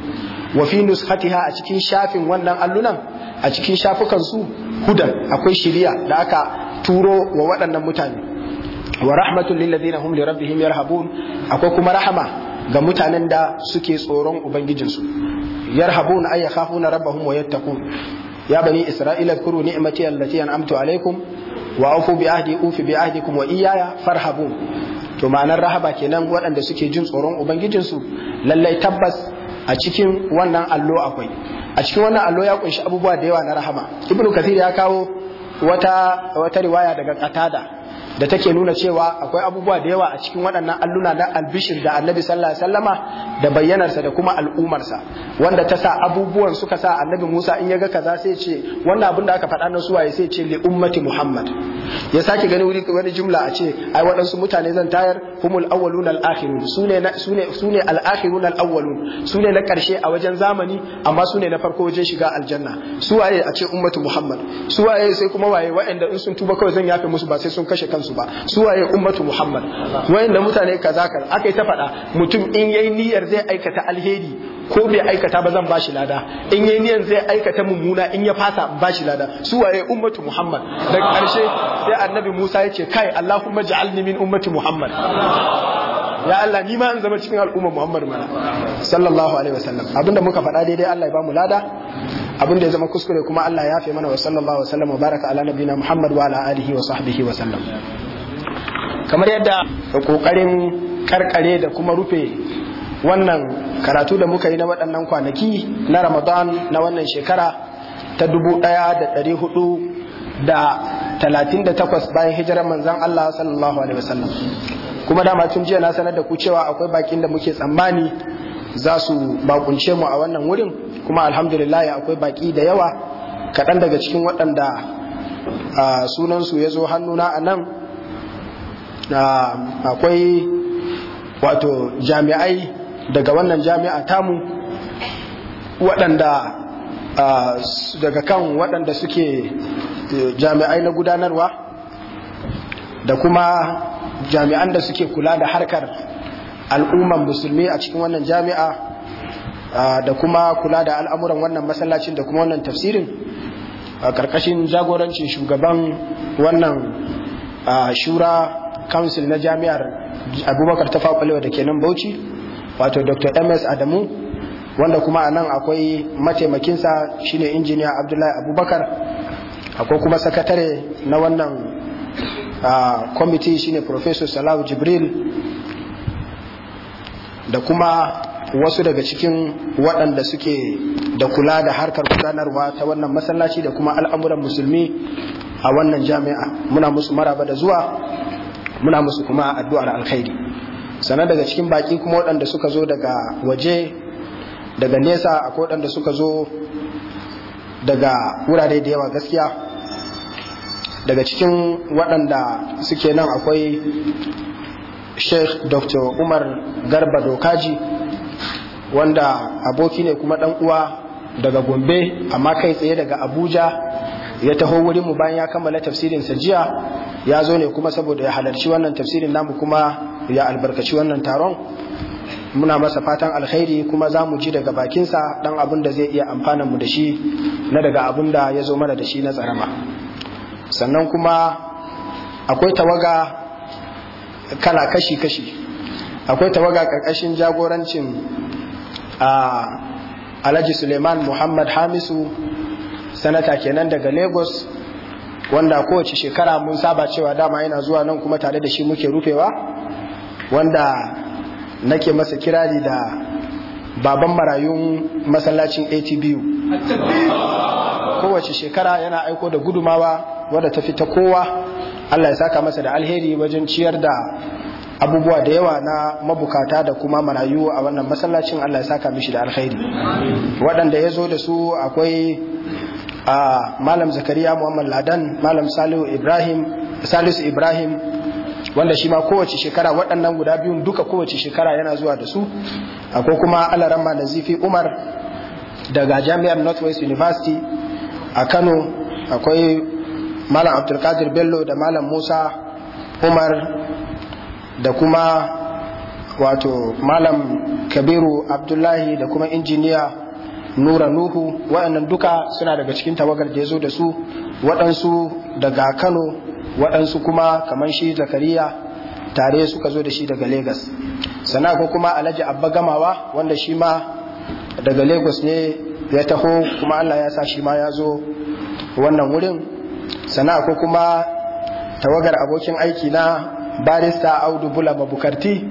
wa fi nuskhatiha a cikin shafin wannan allunan a cikin shafukan su hudan akwai shiriya da aka turo wa waɗannan mutane wa rahmatul lil ladina hum li rabbihim yarhabun akwai kuma rahama ga mutanen da suke tsoron ubangijinsu yarhabun ay yakhafuna rabbahum wa yattaqun ya bani isra'ila kuru ni'mati allati an'amtu alaikum wa aufu bi ahdi ufi bi ahdikum wa iyaya farhabu to ma'anar rahaba kenan waɗanda suke jin tsoron ubangijinsu lallai tabbas a cikin wannan allo akwai a cikin wannan allo ya kunshi abubuwa da yawa na rahama ibnu kathir ya kawo wata wata riwaya daga qatada da take nuna cewa akwai abubuwa da yawa a cikin waɗannan alluna na albishir da annabi sallallahu alaihi wasallama da bayyanarsa da kuma al'umarsa wanda ta sa abubuwan suka sa annabi Musa in ya ga kaza sai ce wannan abin da aka faɗa na suwaye sai ce li ummati Muhammad ya sake gani wani jumla a ce ai waɗansu mutane zan tayar humul awwalun al akhirun sune sune sune al akhirun al awwalun sune na karshe a wajen zamani amma sune na farko wajen shiga aljanna su waye a ce ummatu muhammad su waye sai kuma waye waɗanda in sun tuba kawai zan yafe musu ba sai sun kashe kansu ba su waye ummatu muhammad waɗanda mutane kaza kaza akai ta faɗa mutum in yayi niyyar zai aikata alheri ko bai aikata ba zan bashi lada in yayi niyan zai aikata mummuna in ya fasa bashi lada su waye ummatu muhammad daga karshe sai annabi musa ya ce kai allahumma ja'alni min ummati muhammad ya Allah ni ma in zama cikin al'ummar Muhammad mana sallallahu alaihi wasallam abinda muka faɗa daidai Allah ya bamu lada abinda ya zama kuskure kuma Allah ya fi mana wa sallallahu alaihi wasallam baraka ala nabina Muhammad wa ala alihi wa sahbihi wa sallam kamar yadda kokarin karkare da kuma rufe wannan karatu da muka yi na waɗannan kwanaki na ramadan na wannan shekara ta dubu ɗaya da ɗari hudu da talatin da takwas bayan hijirar manzan Allah sallallahu alaihi wasallam kuma dama tun jiya na sanar da ku cewa akwai bakin da muke tsammani za su bakunce mu a wannan wurin kuma alhamdulillah akwai baki da yawa kaɗan daga cikin waɗanda sunansu ya zo hannuna a nan akwai wato jami'ai daga wannan jami'a tamu waɗanda daga kan waɗanda suke e, jami'ai na gudanarwa da kuma jami'an da suke kula da harkar al'umman musulmi a cikin wannan jami'a da kuma kula da al'amuran wannan masallacin da kuma wannan tafsirin a ƙarƙashin jagorancin shugaban wannan shura council na jami'ar abubakar ta faɓalewa da ke nan bauchi wato dr ms adamu wanda kuma a nan akwai mataimakinsa shine injiniya abdullahi abubakar akwai kuma sakatare na wannan kwamiti shine professor salahu jibril da kuma wasu daga cikin waɗanda suke da kula da harkar gudanarwa ta wannan masallaci da kuma al'amuran musulmi a wannan jami'a muna musu maraba da zuwa muna musu kuma addu'ar alkhairi sannan daga cikin baki kuma waɗanda suka zo daga waje daga nesa akwai waɗanda suka zo daga wurare da yawa gaskiya daga cikin waɗanda suke nan akwai sheikh dr umar garba dokaji wanda aboki ne kuma ɗan uwa daga gombe amma kai tsaye daga abuja ya taho wurin mu bayan ya kammala tafsirin sa jiya ya zo ne kuma saboda ya halarci wannan tafsirin namu kuma ya albarkaci wannan taron muna masa fatan alkhairi kuma za mu ji daga bakinsa dan abin da zai iya amfana mu da shi na daga abin da ya zo mana da shi na tsarama sannan kuma akwai tawaga kala kashi-kashi akwai tawaga karkashin jagorancin a ah, alhaji suleiman muhammad hamisu sanata kenan daga lagos wanda kowace shekara mun saba cewa dama yana zuwa nan kuma tare da shi muke rufewa wanda nake masa kirari da baban marayun masallacin atbu kowace shekara yana aiko da gudumawa wadda ta fi ta kowa allah ya saka masa da alheri wajen ciyar da abubuwa da yawa na mabukata da kuma marayu a wannan masallacin allah ya saka mishi da alheri waɗanda ya zo da su akwai a malam zakariya muhammad ladan malam salisu ibrahim wanda shi ma kowace shekara waɗannan guda biyun duka kowace shekara yana zuwa da su Ko kuma alaramma nazifi umar daga jami'ar northwest university a kano akwai malam abdulkadir bello da malam musa umar da kuma wato malam kabiru abdullahi da kuma injiniya nura nuhu waɗannan duka suna daga cikin tawagar da ya zo da su waɗansu daga kano waɗansu kuma kamar shi zakariya tare suka zo da shi daga Legas. sana ko kuma alhaji abba gamawa wanda shi ma daga Legas ne ya taho kuma allah ya sa shi ma ya zo wannan wurin sana ko kuma tawagar abokin aiki na barista audu bula mabukarti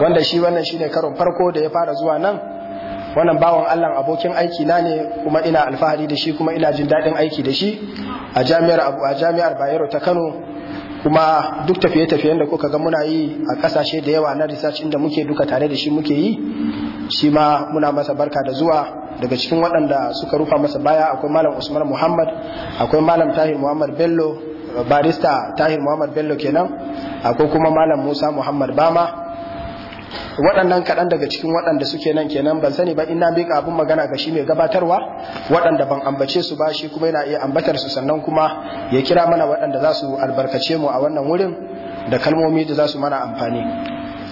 wanda shi wannan shine karon farko da ya fara zuwa nan wannan bawan Allah abokin aiki na ne kuma ina alfahari da shi kuma ina jin daɗin aiki da shi a jami'ar Bayero ta Kano kuma duk tafiye-tafiyen da kuka ga muna yi a kasashe da yawa na research inda muke duka tare da shi muke yi shi ma muna masa barka da zuwa daga cikin waɗanda suka rufa masa baya akwai malam Usman Muhammad akwai malam Tahir Muhammad Bello barista Tahir Muhammad Bello kenan akwai kuma malam Musa Muhammad Bama waɗannan kaɗan daga cikin waɗanda suke nan kenan ban sani ba ina miƙa abin magana ga shi mai gabatarwa waɗanda ban ambace su ba shi kuma yana iya ambatar su sannan kuma ya kira mana waɗanda za su albarkace mu a wannan wurin da kalmomi da za su mana amfani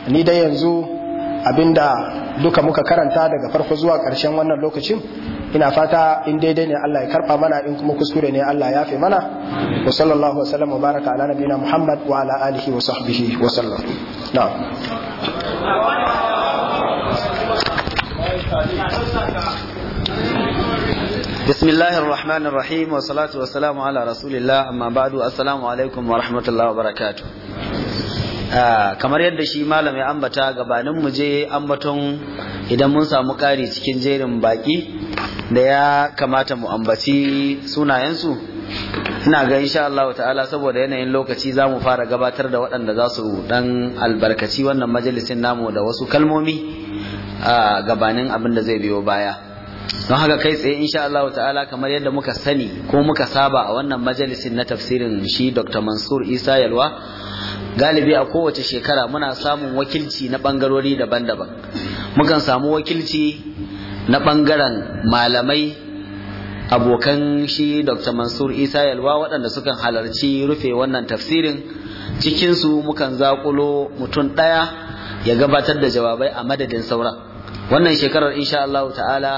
ni dai yanzu abinda duka muka karanta daga farko zuwa ƙarshen wannan lokacin ina fata in daidai ne Allah ya karba mana in kuma kuskure ne Allah ya fi mana wa sallallahu wasallam wa baraka ala nabiyina Muhammad wa ala alihi wa sahbihi wa sallam na'am بسم الله الرحمن الرحيم والصلاة والسلام على رسول الله أما بعد السلام عليكم ورحمة الله وبركاته Ah, kamar yadda shi malam ya ambata gabanin mu je ambaton idan mun samu kari cikin jerin baki da ya kamata mu ambaci sunayensu ina ga insha Allah ta'ala saboda yanayin lokaci zamu fara gabatar da waɗanda za su ɗan albarkaci wannan majalisin namu da wasu kalmomi a ah, gabanin abin da zai biyo baya don haka kai tsaye insha Allah ta'ala kamar yadda muka sani ko muka saba a wannan majalisin na tafsirin shi Dr. Mansur Isa Yalwa galibi a kowace shekara muna samun wakilci na bangarori daban-daban mukan samu wakilci na bangaren malamai abokan shi Dr. Mansur Isa Yalwa waɗanda sukan halarci rufe wannan tafsirin cikin su mukan zakulo mutum ɗaya ya gabatar da jawabai a madadin sauran wannan shekarar insha Allah ta'ala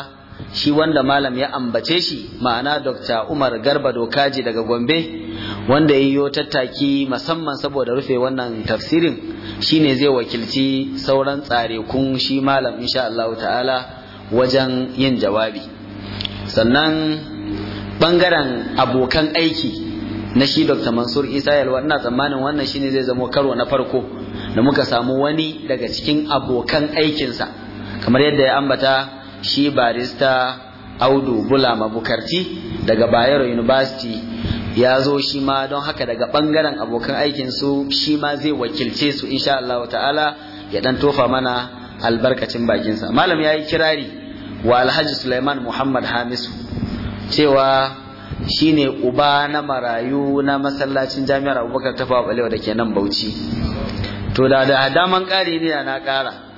shi wanda malam ya ambace shi ma'ana Dr. Umar Garba Dokaji daga Gombe wanda ya yi tattaki musamman saboda rufe wannan tafsirin shine zai wakilci sauran tsare kun shi malam insha Allah ta'ala wajen yin jawabi sannan bangaren abokan aiki na shi Dr. Mansur Isa Yalwa ina tsammanin wannan shine zai zamo karo na farko da muka samu wani daga cikin abokan aikinsa kamar yadda ya ambata shi barista audu bula mabukarti daga bayero university ya zo shi ma don haka daga bangaren abokan aikinsu shi ma zai wakilce su insha Allah ta'ala ya dan tofa mana albarkacin bakinsa malam ya yi kirari wa alhaji suleiman muhammad hamisu cewa shine uba na marayu na masallacin jami'ar abubakar tafawa balewa da ke nan bauchi to da da daman kari ne na kara.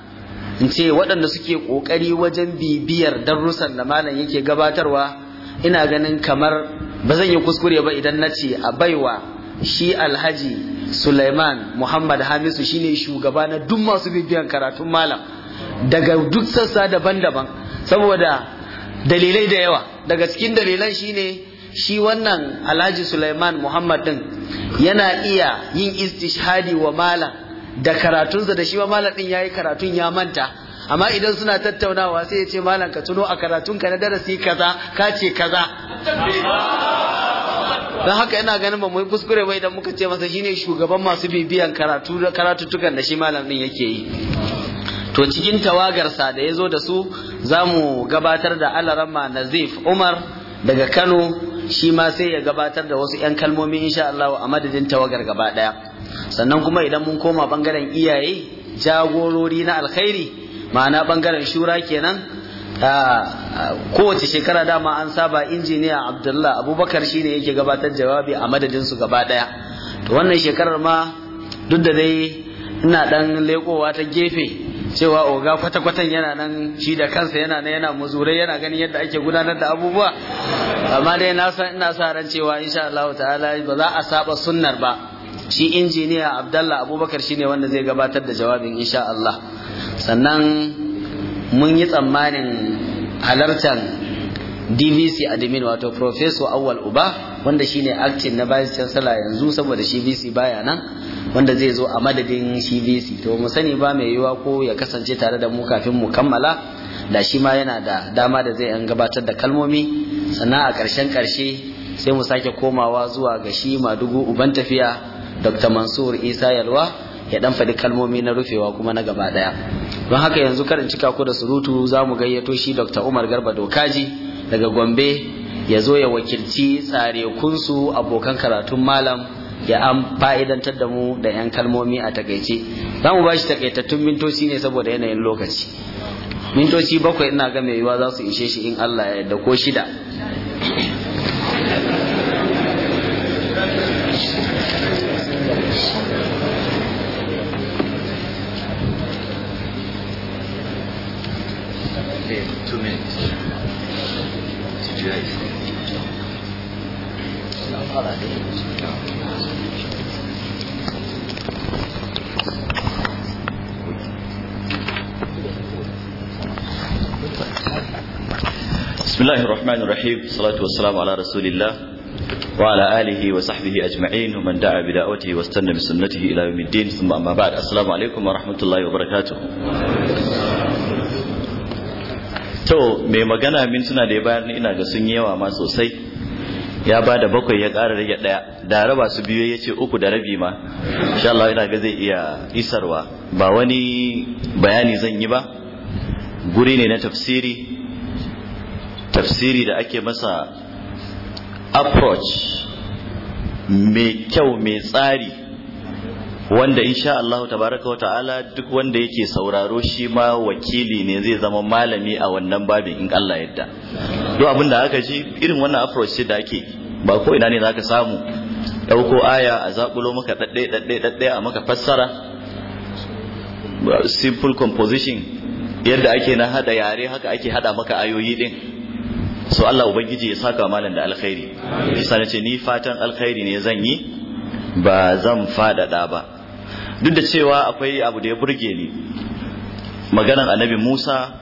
in ce waɗanda suke ƙoƙari wajen bibiyar darussan da malam yake gabatarwa ina ganin kamar ba zan yi kuskure ba idan na ce a baiwa shi alhaji Suleiman Muhammad Hamisu shine shugaba na duk masu bibiyan karatun malam daga duk sassa daban-daban saboda dalilai da yawa daga cikin dalilan shine shi wannan Alhaji Suleiman Muhammad din yana iya yin istishhadi wa malam da karatunsa da shi ba malam ya yi karatun ya manta amma idan suna tattaunawa sai ya ce malam ka tuno a karatunka na darasi kaza ka ce kaza don haka ina ganin ba mu kuskure ba idan muka ce masa shine shugaban masu bibiyan karatu karatuttukan da shi malam ɗin yake yi to cikin tawagarsa da ya zo da su za mu gabatar da Alarama nazif umar daga Kano shi ma sai ya gabatar da wasu 'yan kalmomi insha Allah a madadin tawagar gaba ɗaya sannan kuma idan mun koma bangaren iyaye jagorori na alkhairi ma'ana bangaren shura kenan kowace shekara dama an saba injiniya Abdullah Abubakar shine yake gabatar jawabi a madadin su gaba ɗaya to wannan shekarar ma duk da dai ina ɗan lekowa ta gefe cewa oga kwata-kwatan yana nan shi da kansa yana nan yana muzurai yana ganin yadda ake gudanar da abubuwa amma dai na san ina sa ran cewa insha Allah ta'ala ba za a saba sunnar ba shi injiniya abdullah Abubakar shine wanda zai gabatar da jawabin insha Allah sannan mun yi tsammanin halartar DVC admin wato Professor Awal Uba wanda shine acting na Vice Chancellor yanzu saboda shi baya nan wanda zai zo a madadin CVC VC to mu sani ba mai yiwa ko ya kasance tare da mu kafin mu kammala da shi ma yana da dama da zai an gabatar da kalmomi sannan a ƙarshen ƙarshe sai mu sake komawa zuwa ga shi madugu uban tafiya Dr. Mansur Isa Yalwa ya dan faɗi kalmomi na rufewa kuma na gaba ɗaya don haka yanzu karin cika ko da surutu za mu gayyato shi Dr. Umar Garba Dokaji daga gombe ya zo ya wakilci tsare kunsu abokan karatun malam ya an fa'idantar da mu da 'yan kalmomi a takaice za mu ba shi takaitattun mintoci ne saboda yanayin lokaci mintoci bakwai ina ga mai yiwa za su ishe shi in allah ya yarda ko shida الله الرحمن الرحيم والصلاة والسلام على رسول الله وعلى آله وصحبه أجمعين ومن دعا بدعوته واستنى بسنته إلى يوم الدين ثم أما بعد السلام عليكم ورحمة الله وبركاته to mai magana mintuna da ya bayar ina ga sun yawa ma sosai ya ba da bakwai ya ƙara rage ɗaya da raba su biyu ya ce uku da rabi ma insha Allah ina ga zai iya isarwa ba wani bayani zan yi ba guri ne na tafsiri tafsiri da ake masa approach mai kyau mai tsari wanda insha Allah tabaraka wa ta'ala duk wanda yake sauraro shi ma wakili ne zai zama malami a wannan babin in Allah yadda duk abin da aka ji irin wannan approach da ake ba ko ina ne zaka samu ɗauko aya a zakulo maka dadde dadde dadde a maka fassara simple composition yadda ake na hada yare haka ake hada maka ayoyi din so Allah ubangiji ya saka malam da alkhairi na nace ni fatan alkhairi ne zan yi ba zan fadada ba duk da cewa akwai abu da ya burge ni maganar annabi Musa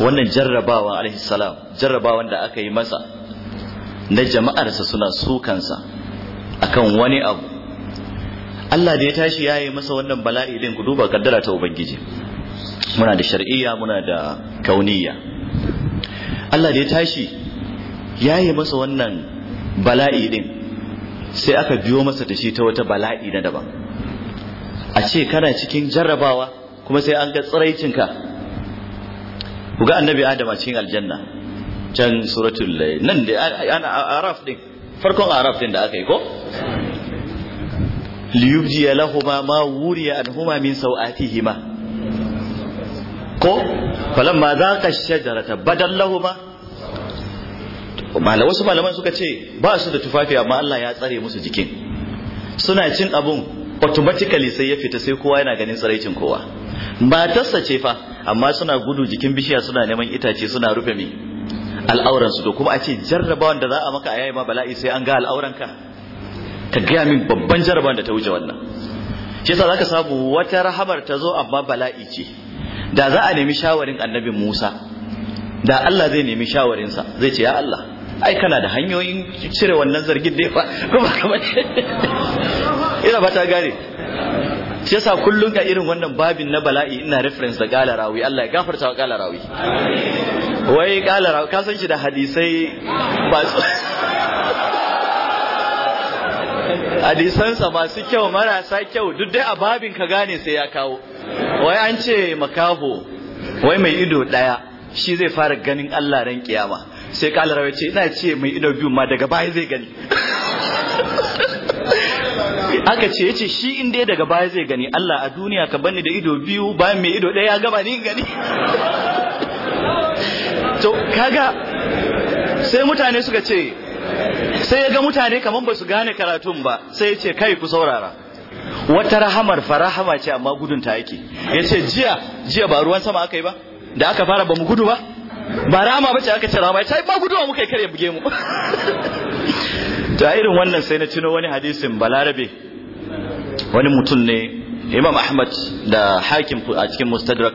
wannan jarrabawan alaihi salam jarrabawan da aka yi masa na jama'arsa suna sukansa akan wani abu Allah da ya tashi ya yi masa wannan bala'i din ku duba kaddara ta ubangiji muna da shar'iyya muna da kauniyya Allah da ya tashi ya yi masa wannan bala'i din sai aka biyo masa da shi ta wata bala'i na daban a ce kana cikin jarrabawa kuma sai an ga tsiraicinka ku ga annabi adam a cikin aljanna can suratul nan da ana araf din farkon araf din da aka yi ko liyubji lahuma ma wuriya anhuma min sau'atihima ko falamma zaqa shajarata badallahuma malamai wasu malaman suka ce ba su da tufafi amma Allah ya tsare musu jikin suna cin abun automatically sai ya fita sai kowa yana ganin tsaraicin kowa matarsa ce fa amma suna gudu jikin bishiya suna neman itace suna rufe mi al'auransu to kuma a ce jarrabawan da za a maka a yayi ma bala'i sai an ga al'auranka ka gaya min babban jarrabawan da ta wuce wannan shi yasa zaka samu wata rahamar ta zo amma bala'i ce da za a nemi shawarin annabin Musa da Allah zai nemi shawarinsa zai ce ya Allah ai kana da hanyoyin cire wannan zargin da ba kuma kamar ina ba ta gare shi yasa kullum ga irin wannan babin na bala'i ina reference da gala rawi Allah ya gafarta wa gala rawi wai gala rawi ka san shi da hadisai ba hadisansa masu kyau marasa kyau duk dai a babin ka gane sai ya kawo wai an ce makaho wai mai ido ɗaya shi zai fara ganin Allah ran kiyama sai kalarawa ce ina ce mai ido biyu ma daga baya zai gani aka ce ce shi in ya daga baya zai gani Allah a duniya ka bani da ido biyu bayan mai ido ɗaya ya gaba ni gani to kaga sai mutane suka ce sai ya ga mutane kamar ba su gane karatun ba sai ya ce kai ku saurara wata rahamar farahama ce amma gudunta yake yace jiya jiya ba ruwan sama aka yi ba da aka fara ba mu gudu ba ba rama ce aka ce rama yace ba guduwa muka yi kare buge mu ta irin wannan sai na tuno wani hadisin balarabe wani mutum ne imam ahmad da hakim a cikin mustadrak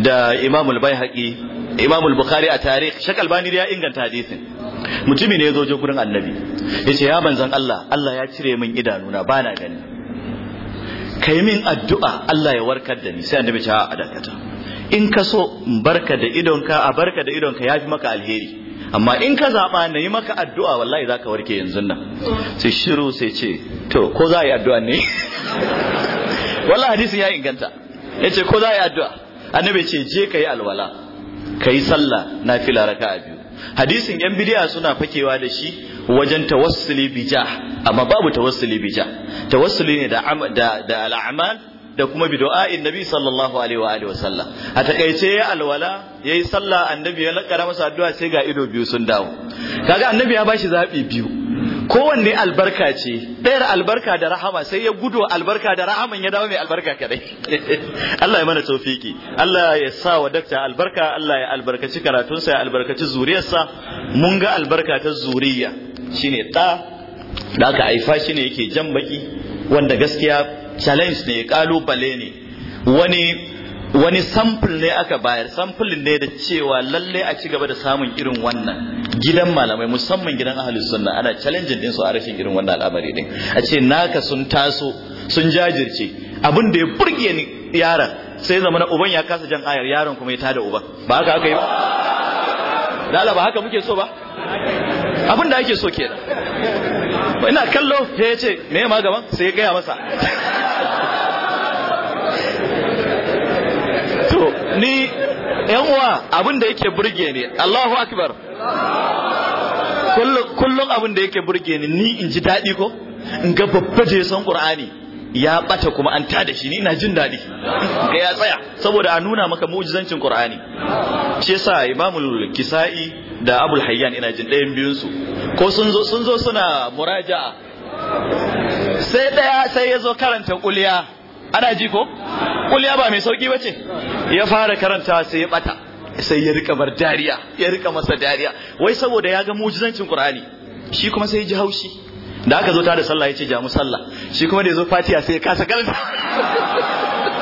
da imam al-baihaqi imam al-bukhari a tarikh shakal bani ya inganta hadisin mutumi ne ya zo gurin annabi ya ce ya banzan Allah Allah ya cire min idanuna ba na gani ka yi min addu'a Allah ya warkar da ni sai annabi ce a dakata in ka so barka da idonka a barka da idonka ya fi maka alheri amma in ka zaɓa na yi maka addu'a wallahi za ka warke yanzu nan sai shiru sai ce to ko za a yi addu'a ne wallahi hadisi ya inganta ya ce ko za a yi addu'a annabi ce je ka yi alwala ka yi sallah na fila raka a biyu hadisin yan bidiya suna fakewa da shi wajen tawassuli bi jah amma babu tawassuli bi jah tawassuli ne da da da al'amal da kuma bi du'a'in nabi sallallahu alaihi wa alihi wasallam a takaice ya alwala yayi sallah annabi ya lakara masa addu'a sai ga ido biyu sun dawo kaga annabi ya bashi zabi biyu kowanne albarka ce ɗayar albarka da rahama sai ya gudu albarka da rahaman ya dawo mai albarka kadai Allah ya mana tofiki Allah ya sa wa dakta albarka Allah ya albarkaci karatunsa ya albarkaci zuriyarsa mun ga albarka ta zuriya shine ɗa da aka haifa shi ne yake jan baki wanda gaskiya challenge ne kalubale ne wani wani sample ne aka bayar sample ne da cewa lalle a ci gaba da samun irin wannan gidan malamai musamman gidan ahli sunna ana challenge din su a rashin irin wannan al'amari din a ce naka sun taso sun jajirce abin da ya burge ni yaron sai zama na uban ya kasa jan ayar yaron kuma ya tada uban ba haka aka yi ba da ba haka muke so ba abin da ake so da ina kallo sai ya ce me ma gaban sai ya gaya masa to ni yanwa abin da yake burge ne Allahu akbar kullum abin da yake burge ni ni in ji daɗi ko in ga babba je san qur'ani ya bata kuma an tada shi ni ina jin daɗi ga ya tsaya saboda a nuna maka mu'jizancin qur'ani shi yasa imamul kisa'i da abul hayyan ina jin ɗayan biyunsu ko sun zo sun zo suna muraja. sai ɗaya sai ya zo karanta kuliya ana ji ko kuliya ba mai sauki bace ya fara karanta sai ya bata sai ya rika bar dariya ya rika masa dariya wai saboda ya ga mujizancin qur'ani shi kuma sai ya ji haushi da aka zo ta da sallah ya ce ja mu sallah shi kuma da ya zo fatiha sai ya kasa karanta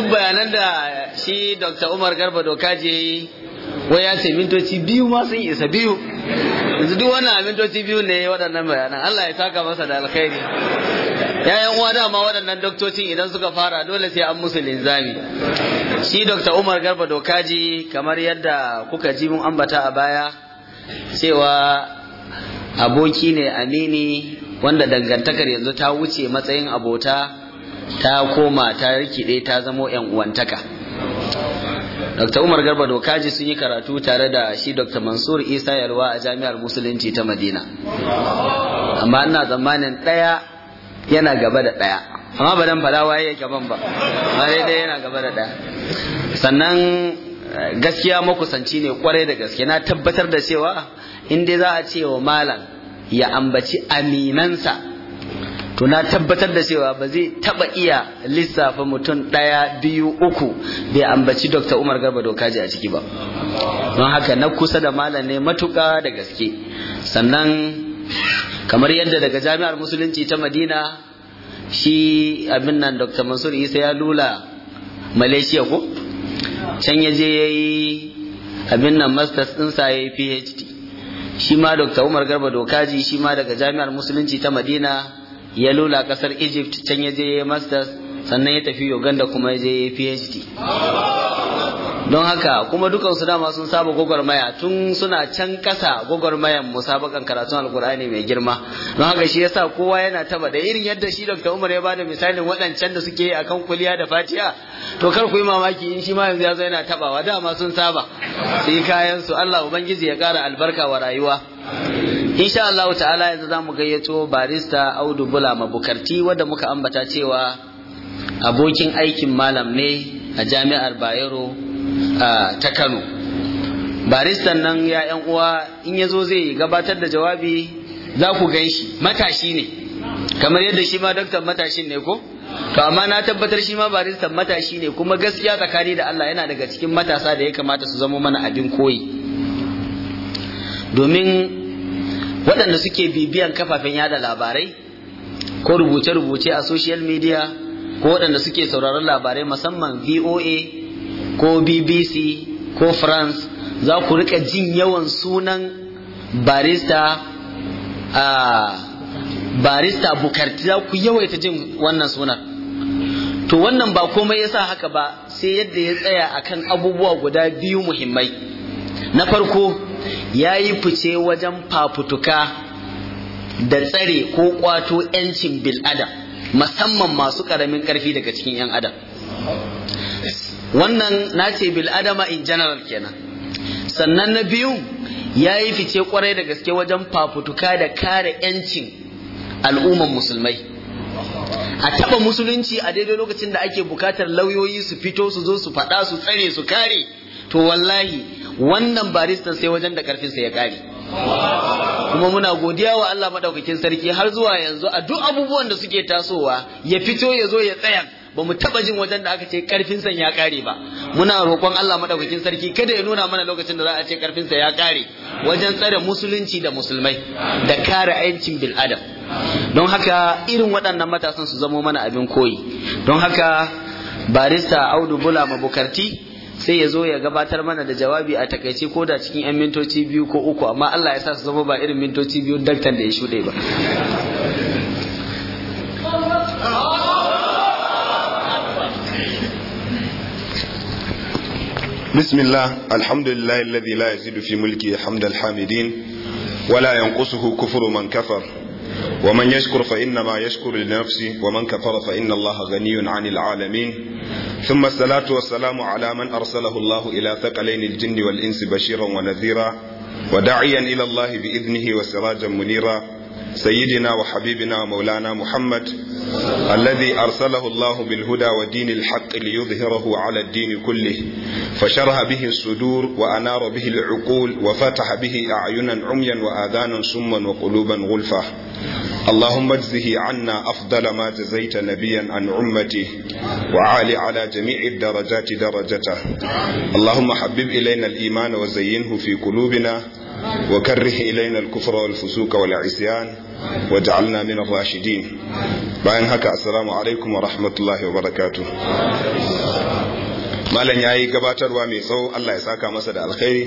duk bayanan da shi dr umar garba doka je yi wai ya ce mintoci biyu ma sun isa biyu yanzu duk wannan mintoci biyu ne waɗannan bayanan allah ya saka masa da alkhairi yayan uwa dama waɗannan doktocin idan suka fara dole sai an musu linzami shi dr umar garba doka je kamar yadda kuka ji mun ambata a baya cewa aboki ne amini wanda dangantakar yanzu ta wuce matsayin abota ta koma ta rikide ta zamo yan uwantaka Dr. Umar Garba Dokaji sun yi karatu tare da shi Dr. Mansur Isa Yalwa a Jami'ar Musulunci ta Madina. Amma ina tsammanin ɗaya yana gaba da ɗaya. Amma ba dan fada waye yake ban ba. Amma dai yana gaba da ɗaya. Sannan eh, gaskiya makusanci ne kwarai da gaske na tabbatar da cewa in dai za a ce wa malam ya ambaci aminansa to na tabbatar da cewa ba zai taba iya lissafa mutum ɗaya biyu uku bai ambaci dr umar garba dokaji a ciki ba don haka na kusa da malam ne matuƙa da gaske sannan kamar yadda daga jami'ar musulunci ta madina shi abin nan dr mansur isa ya lula malaysia ko can ya je ya yi abin nan masters ɗinsa ya yi phd shi ma dr umar garba dokaji shi ma daga jami'ar musulunci ta madina ya lula kasar egypt can ya je ya masters sannan ya tafi uganda kuma ya je ya phd don haka kuma dukan su dama sun saba gwagwarmaya tun suna can kasa gwagwarmayan musabakan karatun alkur'ani mai girma don haka shi yasa kowa yana taba da irin yadda shi dr umar ya bada misalin waɗancan da suke akan kuliya da fatiya to kar ku yi mamaki in shi ma yanzu ya zo yana tabawa dama sun saba sai kayan su allah ubangiji ya ƙara albarka wa rayuwa insha Allah ta'ala yanzu za mu gayyato barista Audu Bula mabukarti wanda muka ambata cewa abokin aikin malam ne a jami'ar Bayero ta Kano baristan nan ya yan uwa in yazo zai gabatar da jawabi za ku gan shi matashi ne kamar yadda shi ma daktar matashin ne ko to amma na tabbatar shi ma baristan matashi ne kuma gaskiya tsakani da Allah yana daga cikin matasa da ya kamata su zama mana abin koyi domin waɗanda suke bibiyan kafafen yada labarai ko rubuce-rubuce a social media ko waɗanda suke sauraron labarai musamman voa ko bbc ko france za ku rika jin yawan sunan barista a barista bukarti za ku yawaita jin wannan sunan to wannan ba komai ya sa haka ba sai yadda ya tsaya akan abubuwa guda biyu muhimmai na farko ya yi fice wajen fafutuka da tsare ko kwato 'yancin bil'adam musamman masu ƙaramin ƙarfi daga cikin 'yan adam wannan na ce bil'adama in general kenan sannan na biyu ya yi fice kwarai da gaske wajen fafutuka da kare 'yancin al'umman musulmai a taba musulunci a daidai lokacin da ake bukatar lauyoyi su fito su zo su faɗa su tsare su kare to wallahi wannan baristan sai wajen da karfin sa ya kare kuma muna godiya wa Allah madaukakin sarki har zuwa yanzu a duk abubuwan da suke tasowa ya fito ya zo ya tsaya ba mu taba jin wajen da aka ce karfin sa ya kare ba muna roƙon Allah madaukakin sarki kada ya nuna mana lokacin da za a ce karfin sa ya kare wajen tsare musulunci da musulmai da kare aincin bil adam don haka irin waɗannan matasan su zamo mana abin koyi don haka barista Audu Bula Mabukarti sai ya zo ya gabatar mana da jawabi a takaice ko da cikin 'yan mintoci biyu ko uku amma Allah ya sa su zama ba irin mintoci biyu daktar da ya shuɗe ba بسم الله الحمد لله الذي لا يزيد في ملكه حمد الحامدين ولا ينقصه كفر من كفر ومن يشكر فإنما يشكر لنفسه ومن كفر فإن الله غني عن العالمين ثم الصلاة والسلام على من أرسله الله إلى ثقلين الجن والإنس بشيرا ونذيرا وداعيا إلى الله بإذنه وسراجا منيرا سيدنا وحبيبنا ومولانا محمد الذي أرسله الله بالهدى ودين الحق ليظهره على الدين كله فشرح به الصدور وأنار به العقول وفتح به أعينا عميا وآذانا سما وقلوبا غلفا اللهم اجزه عنا أفضل ما جزيت نبيا عن أمته وعال على جميع الدرجات درجته اللهم حبب إلينا الإيمان وزينه في قلوبنا وكره إلينا الكفر والفسوق والعصيان وجعلنا من الراشدين باين هكا السلام عليكم ورحمة الله وبركاته ما لن يأي gabatarwa mai صو الله يساكا مسد الخير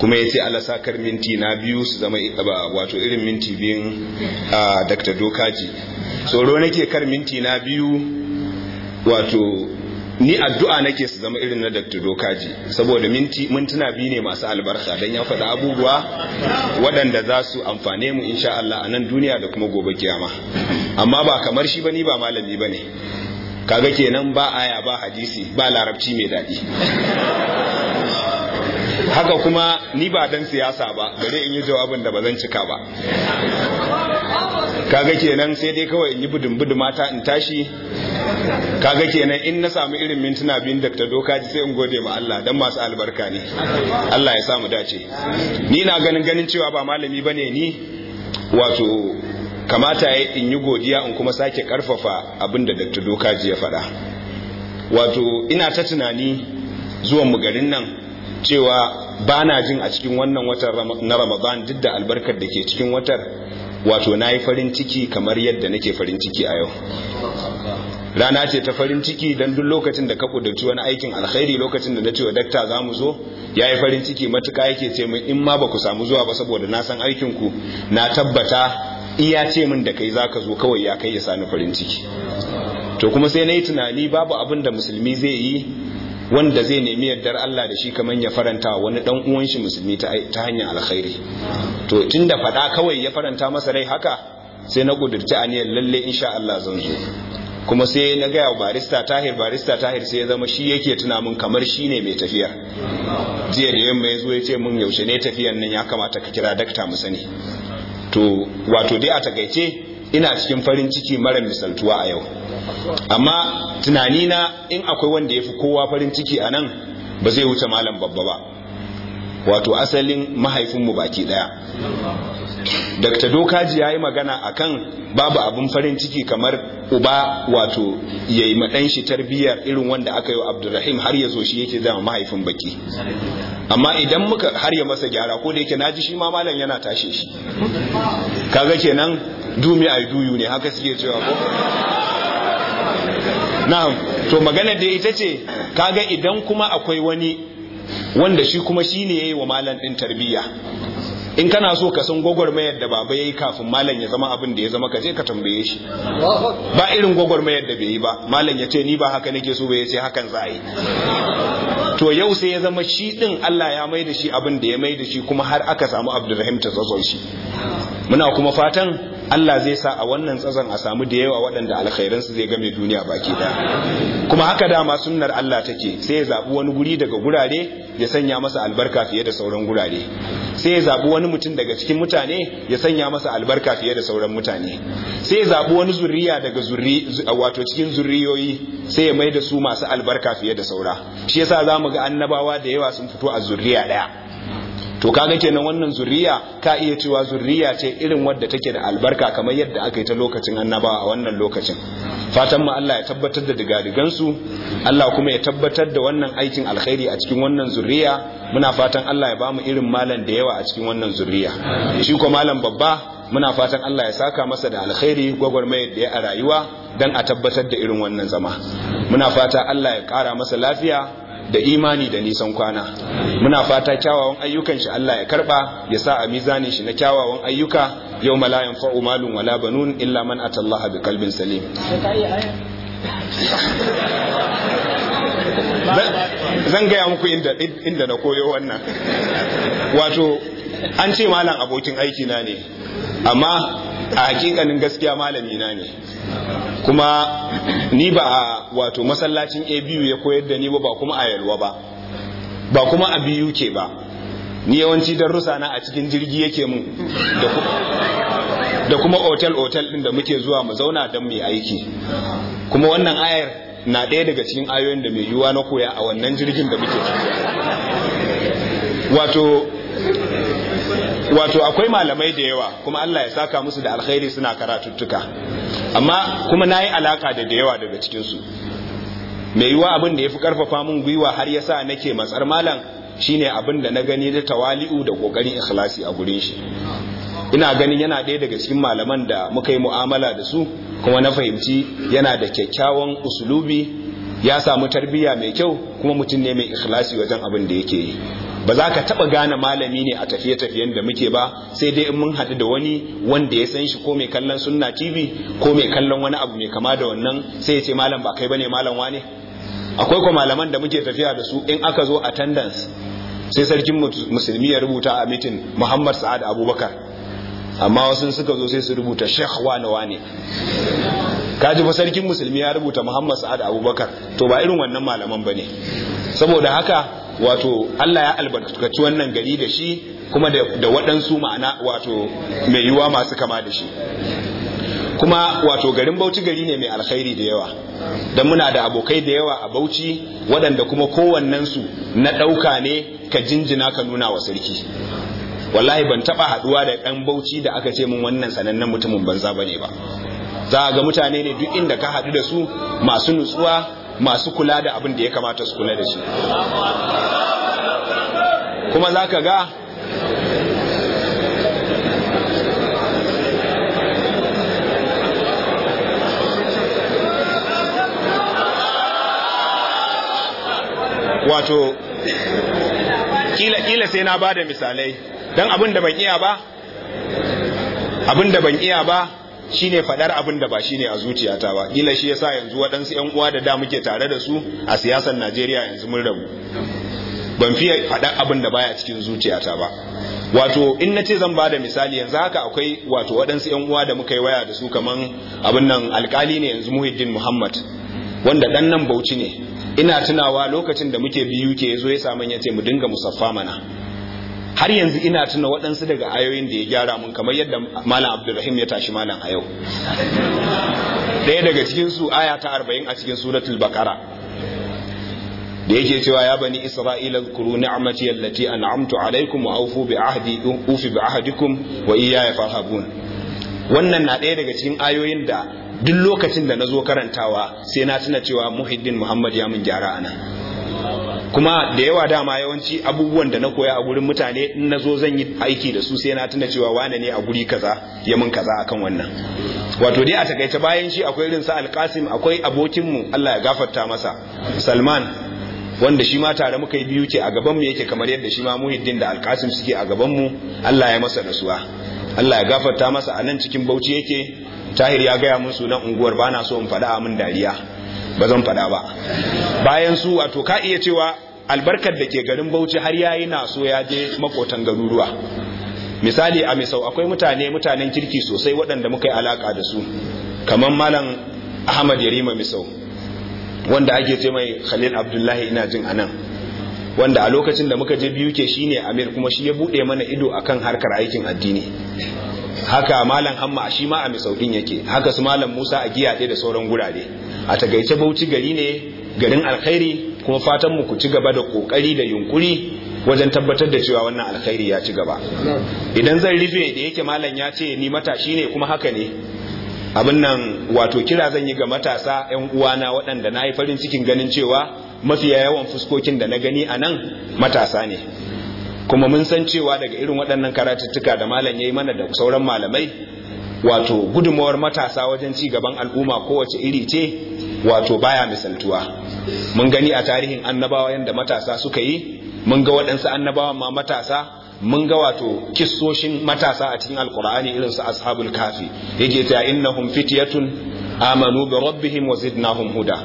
kuma ya ce ala sakar minti na biyu su zama ba wato irin minti biyun a dr dokaji tsoro nake kar minti na biyu wato ni addu'a nake su zama irin na Dr. Dokaji saboda minti mintuna biyu ne masu albarka dan ya faɗa abubuwa waɗanda za su amfane mu insha Allah a nan duniya da kuma gobe kiyama amma ba kamar shi bane ba malami bane kaga kenan ba aya ba hadisi ba larabci mai daɗi haka kuma ni ba dan siyasa ba bare in yi jawabin da ba zan cika ba kaga kenan sai dai kawai in yi budin budin mata in tashi kaga kenan in na samu irin mintuna biyun da ta doka ji sai in gode ma Allah don masu albarka ne Allah ya samu dace ni na ganin ganin cewa ba malami ba ne ni wato kamata ya in yi godiya in kuma sake karfafa abin da doka ji ya faɗa wato ina ta tunani zuwan mu garin nan cewa ba na jin a cikin wannan watan na Ramadan duk da albarkar da ke cikin watar wato na yi farin ciki kamar yadda nake farin ciki a yau rana ce ta farin ciki don duk lokacin da ka kudurci wani aikin alkhairi lokacin da na ce wa dakta za mu zo ya yi farin ciki matuka yake ce min in ma ba ku samu zuwa ba saboda na san aikinku na tabbata iya ce min da kai za ka zo kawai ya kai ya sani farin ciki to kuma sai na yi tunani babu abin da musulmi zai yi wanda zai nemi yardar Allah da shi kamar ya faranta wani dan uwan shi musulmi ta hanyar alkhairi to tunda faɗa kawai ya faranta masa rai haka sai na kudurci aniyar lalle insha Allah zan zo kuma sai na gaya wa barista tahir barista tahir sai ya zama shi yake tuna min kamar shi ne mai tafiya jiya da yamma ya zo ya ce mun yaushe ne tafiyan nan ya kamata ka kira dakta mu sani to wato dai a takaice ina cikin farin ciki mara misaltuwa a yau amma na in akwai wanda ya fi kowa farin ciki a nan ba zai wuce malam babba ba wato asalin mahaifinmu baki daya dr dokaji ya yi magana akan babu abin farin ciki kamar uba wato ya yi maɗan shi tarbiyyar irin wanda aka yi wa abdurrahim har ya zo shi yake zama mahaifin baki amma idan muka har ya masa gyara ko da yake naji shi ma malam yana tashe shi kaga kenan do me I ne haka suke cewa ko na'am to magana da ita ce kaga idan kuma akwai wani wanda shi kuma shine yayi wa malam din tarbiyya in kana so ka san gwagwarmayar da baba ya yi kafin malam ya zama abin da ya zama ka je ka tambaye shi ba irin gwagwarmayar da bai yi ba malam ya ce ni ba haka nake so ba ya ce hakan za a yi to yau sai ya zama shi din Allah ya mai da shi abin da ya mai da shi kuma har aka samu Abdulrahim ta shi muna kuma fatan Allah zai sa a wannan tsazan a samu da yawa waɗanda alkhairansu zai game duniya baki da. kuma haka dama sunnar Allah take sai ya zabi wani guri daga gurare ya sanya masa albarka fiye da sauran gurare sai ya zabi wani mutum daga cikin mutane ya sanya masa albarka fiye da sauran mutane sai ya zabi wani zuriya daga zurri wato cikin zurriyoyi sai ya mai da su masu albarka fiye da saura shi yasa zamu ga annabawa da yawa sun fito a zurriya daya to kaga kenan wannan zuriya ka iya cewa zuriya ce irin wadda take da albarka kamar yadda aka yi ta lokacin annabawa a wannan lokacin fatan mu Allah ya tabbatar da digadigan su Allah kuma ya tabbatar da wannan aikin alkhairi a cikin wannan zuriya muna fatan Allah ya bamu irin malam da yawa a cikin wannan zuriya shi ko malam babba muna fatan Allah ya saka masa da alkhairi gwagwarmayar da ya a rayuwa dan a tabbatar da irin wannan zama muna fata Allah ya kara masa lafiya da imani da nisan kwana muna fata kyawawan ayyukan shi Allah ya karba ya sa a mizanin shi na kyawawan ayyuka yau la fa'u malun wala banun illa man atallaha bi qalbin salim zan gaya muku inda na koyo wannan wato an ce malam abokin aiki na ne amma a hakikanin gaskiya malami na ne kuma ni ba a wato masallacin abu ya koyar da ni ba ba kuma a yalwa ba ba kuma a biyu ke ba ni yawanci darussa na a cikin jirgi yake mun da kuma otel-otel din da muke zuwa mu zauna don mai aiki kuma wannan ayar na daya daga cikin ayoyin da mai yiwuwa na koya a wannan jirgin da muke wato wato akwai malamai da yawa kuma Allah ya saka musu da alkhairi suna karatuttuka amma kuma nayi alaka da da yawa daga cikin su mai yiwa abin da ya fi karfafa mun gwiwa har yasa nake matsar malam shine abin da na gani da tawali'u da kokarin ikhlasi a gurin shi ina ganin yana ɗaya daga cikin malaman da muka yi mu'amala da su kuma na fahimci yana da kyakkyawan usulubi ya samu tarbiyya mai kyau kuma mutum ne mai ikhlasi wajen abin da yake yi ba za ka taba gane malami ne a tafiye-tafiyen da muke ba sai dai in mun haɗu da wani wanda ya san shi ko mai kallon sunna tv ko mai kallon wani abu mai kama da wannan sai ya ce malam ba kai bane malam wane akwai ko malaman da muke tafiya da su in aka zo attendance sai sarkin musulmi ya rubuta a mitin muhammad sa'ad abubakar amma wasu suka zo sai su rubuta sheikh wane wane kaji fa sarkin musulmi ya rubuta muhammad sa'ad abubakar to ba irin wannan malaman bane saboda haka wato Allah ya albarkaci wannan gari da shi kuma da waɗansu ma'ana wato mai yiwuwa masu kama da shi kuma wato garin bauchi gari ne mai alkhairi da yawa don muna da abokai da yawa a bauchi waɗanda kuma kowannensu na ɗauka ne ka jinjina ka nuna wa sarki wallahi ban taɓa haɗuwa da ɗan bauchi da aka ce min wannan sanannen mutumin banza ba ne ba za ga mutane ne duk inda ka haɗu da su masu nutsuwa masu kula da abin da ya kamata su kula da shi kuma za ka ga wato kila-kila sai na ba da misalai don abin da ban iya ba abin da ban iya ba shine fadar abin da ba shine a zuciyata ba kila shi yasa yanzu waɗansu yan uwa da da muke tare da su a siyasar Najeriya yanzu mun rabu ban fiye faɗa abin da baya cikin zuciyata ba wato in na ce zan bada misali yanzu haka akwai wato waɗansu yan uwa da muka yi waya da su kaman abin nan Alƙali ne yanzu Muhiddin Muhammad wanda ɗan nan Bauchi ne ina tunawa lokacin da muke biyu ke zo ya samu ya ce mu dinga musaffa mana har yanzu ina tuna waɗansu daga ayoyin da ya gyara mun kamar yadda malam abdulrahim ya tashi malam a yau ɗaya daga cikin su aya ta arba'in a cikin suratul bakara da yake cewa ya bani isra'ila zkuru ni'mati allati an'amtu alaikum wa aufu bi ahdi ufi bi ahdikum wa iyaya farhabun wannan na ɗaya daga cikin ayoyin da duk lokacin da na zo karantawa sai na tuna cewa muhiddin muhammad ya mun gyara anan kuma da yawa dama yawanci abubuwan da na koya a gurin mutane in na zo zan yi aiki da su sai na tuna cewa wane ne a guri kaza ya mun kaza akan wannan wato dai a takaice bayan shi akwai irin sa alkasim akwai abokinmu Allah ya gafarta masa salman wanda shi ma tare muka yi biyu ke a gaban mu yake kamar yadda shi ma muhiddin da alkasim suke a gaban mu Allah ya masa nasuwa. Allah ya gafarta masa a nan cikin bauchi yake tahir ya gaya mun sunan unguwar bana so in faɗa min dariya ba zan faɗa ba bayan su wato ka iya cewa albarkar da ke garin bauchi har yayi na so ya je makotan garuruwa misali a misau akwai mutane mutanen kirki sosai waɗanda muka yi alaka da su kamar malam ahmad yarima misau wanda ake ce mai khalil abdullahi ina jin anan wanda a lokacin da muka je biyu ke shine amir kuma shi ya buɗe mana ido akan harkar aikin addini haka malam hamma shi ma a din yake haka su malam musa a giya da sauran gurare a tagaice bauchi gari ne garin alkhairi kuma fatan mu ku ci gaba da kokari da yunkuri wajen tabbatar da cewa wannan alkhairi ya ci gaba idan zan rufe da yake malam ya ce ni matashi ne kuma haka ne abin nan wato kira zan yi ga matasa 'yan uwana waɗanda na yi farin cikin ganin cewa mafi yawan fuskokin da na gani a nan matasa ne kuma mun san cewa daga irin waɗannan karatuttuka da malam ya yi mana da sauran malamai wato gudumawar matasa wajen ci gaban al'umma kowace iri ce wato baya misaltuwa mun gani a tarihin annabawa yadda matasa suka yi mun ga waɗansu annabawan ma matasa mun ga wato kissoshin matasa a cikin alkur'ani irin su ashabul kafi yake ta innahum fityatun amanu bi rabbihim wa zidnahum huda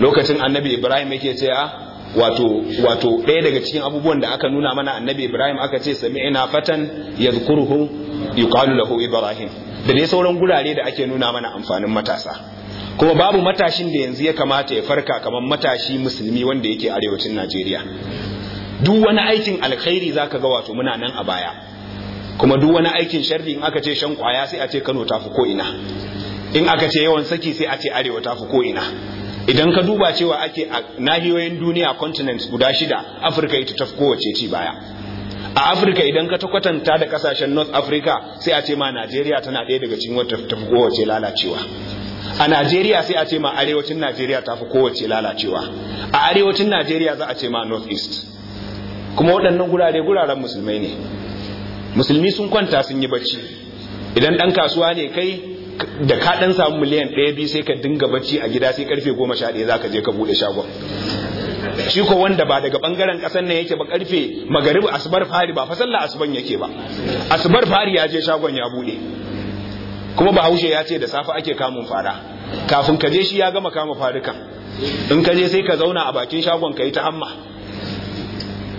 lokacin annabi ibrahim yake cewa wato wato ɗaya daga cikin abubuwan da aka nuna mana annabi ibrahim aka ce sami'ina fatan yadhkuruhu yuqalu lahu ibrahim da ne sauran gurare da ake nuna mana amfanin matasa kuma babu matashin da yanzu ya kamata ya farka kamar matashi musulmi wanda yake arewacin Najeriya duk wani aikin alkhairi ka ga wato muna nan a baya kuma duk wani aikin sharri in aka ce shan kwaya sai a ce Kano ta fi ko ina in aka ce yawan saki sai a ce arewa ta fi ko ina idan ka duba cewa ake a nahiyoyin duniya continent guda shida Afirka ita ta fi kowace ci baya a afirka idan ka ta kwatanta da kasashen north africa sai a ce ma najeriya tana ɗaya daga cikin wata tafi kowace lalacewa a najeriya sai a ce ma arewacin najeriya tafi kowace lalacewa a arewacin najeriya za a ce ma north east kuma waɗannan gurare guraren musulmai ne musulmi sun kwanta sun yi bacci idan ɗan kasuwa ne kai da ka dan samu miliyan ɗaya biyu sai ka dinga bacci a gida sai karfe goma sha ɗaya zaka je ka bude shagon shi ko wanda ba daga bangaren ƙasar nan yake ba karfe magaribu asbar fari ba fasalla asban yake ba asbar fari ya je shagon ya bude. kuma bahaushe ya ce da safe ake kamun fara kafin ka je shi ya gama kama farukan in ka je sai ka zauna a bakin shagon ka yi ta amma.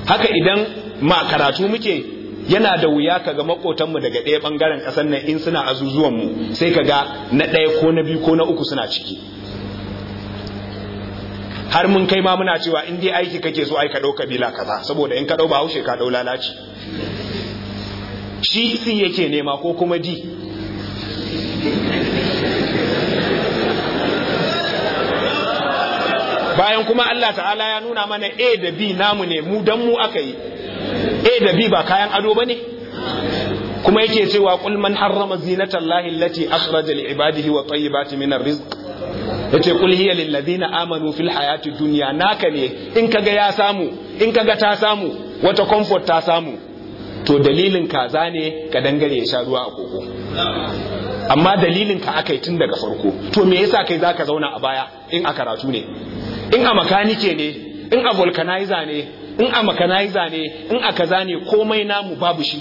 haka idan ma karatu muke yana da wuya kaga makotan mu daga ɗaya ɓangaren ƙasar nan in suna azuzuwan mu sai ga na ɗaya ko na biyu ko na uku suna ciki har mun kai ma muna cewa in dai aiki kake so ai ka ɗau kabila kaza saboda in ka ɗau haushe ka ɗau lalaci shi si yake nema ko kuma di bayan kuma Allah ta'ala ya nuna mana A da B namu ne mu dan mu aka yi a da b ba kayan ado ba ne kuma yake cewa kul man harrama zinata allahi allati akhraja li ibadihi wa tayyibati min arrizq yace kul hiya lil ladina amanu fil hayati dunya naka ne in kaga ya samu in kaga ta samu wata comfort ta samu to dalilin kaza ne ka dangare ya sha ruwa a koko amma dalilin ka aka tun daga farko to me yasa kai zaka zauna a baya in a karatu ne in a makanike ne in a vulcanizer ne in a yi zane in aka zane komai namu babu shi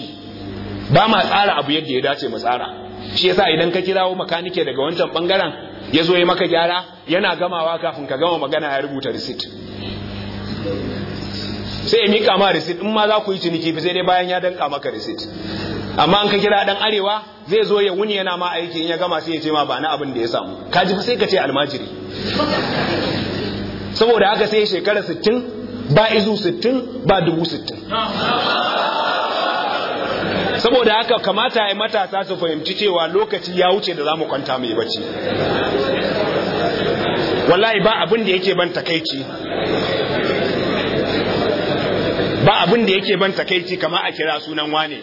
ba ma tsara abu yadda ya dace mu tsara shi yasa idan ka kirawo makanike daga wancan bangaren ya zo ya maka gyara yana gamawa kafin ka gama magana ya rubuta risit. sai ya mika ma risit in ma za ku yi ciniki sai dai bayan ya danka maka risit amma an ka kira dan arewa zai zo ya wuni yana ma aiki in ya gama sai ya ce ma ba na abin da ya samu ka ji sai ka ce almajiri saboda haka sai shekara sittin ba izu sittin ba dubu sittin saboda haka kamata ya matasa su fahimci cewa lokaci ya wuce da za mu kwanta mai bacci wallahi ba abin da yake ban takaici ba abin da yake ban takaici kama a kira sunan wane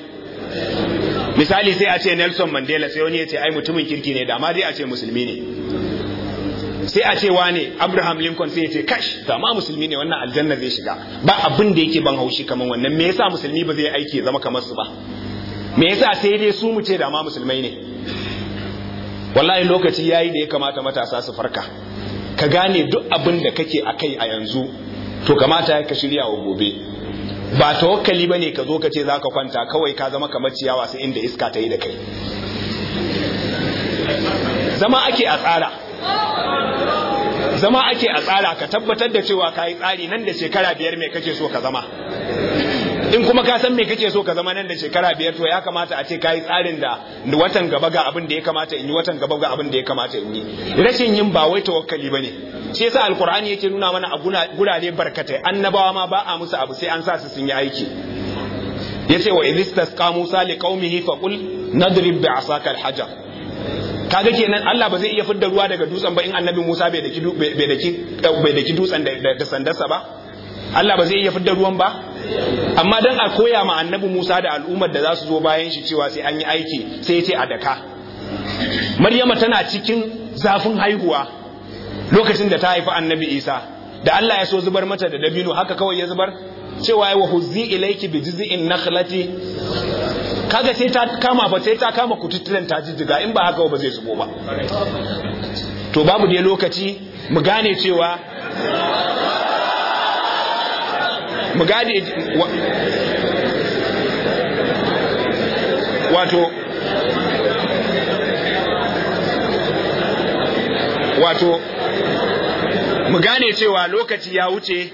misali sai a ce Nelson Mandela sai wani ya ce ai mutumin kirki ne da ma dai a ce musulmi ne sai a ce wane Abraham Lincoln sai ya ce kash da ma musulmi ne wannan aljanna zai shiga ba abin da yake ban haushi kamar wannan me yasa musulmi ba zai aiki zama kamar su ba me yasa sai dai su mu ce da ma musulmai ne wallahi lokaci yayi da ya kamata matasa su farka ka gane duk abin da kake kai a yanzu to kamata ka shirya wa gobe ba tawakkali bane ka zo ka ce zaka kwanta kawai ka zama kamar ciyawa sai inda iska ta yi da kai zama ake a tsara zama ake a tsara ka tabbatar da cewa ka yi tsari nan da shekara biyar mai kake so ka zama in kuma ka san me kake so ka zama nan da shekara biyar to ya kamata a ce ka yi tsarin da watan gaba ga abin da ya kamata in yi watan gaba ga abin da ya kamata in yi rashin yin ba wai tawakkali ne. shi yasa alkur'ani yake nuna mana a gurare barkatai annabawa ma ba a musu abu sai an sa su sun yi aiki yace wa idistasqa musa liqaumihi faqul nadrib bi asaka alhajar kaga kenan Allah ba zai iya fidda ruwa daga dutsen ba in annabi Musa bai daki bai daki eh, bai daki dutsen da sandarsa ba Allah ba zai iya fidda ruwan ba amma dan a koya ma annabi Musa da al'ummar da za su zo bayan shi cewa sai an yi aiki sai ya ce a daka Maryama tana cikin zafin haihuwa lokacin da ta haifi annabi Isa da Allah ya so zubar mata da dabino haka kawai ya zubar cewa ya wa huzzi ilayki bi jiz'in nakhlati kaga sai ta kama ba sai ta kama kututturen ta jijjiga in ba haka ba zai zubo ba to babu dai lokaci mu gane cewa mu gane wato wato mu gane cewa lokaci ya wuce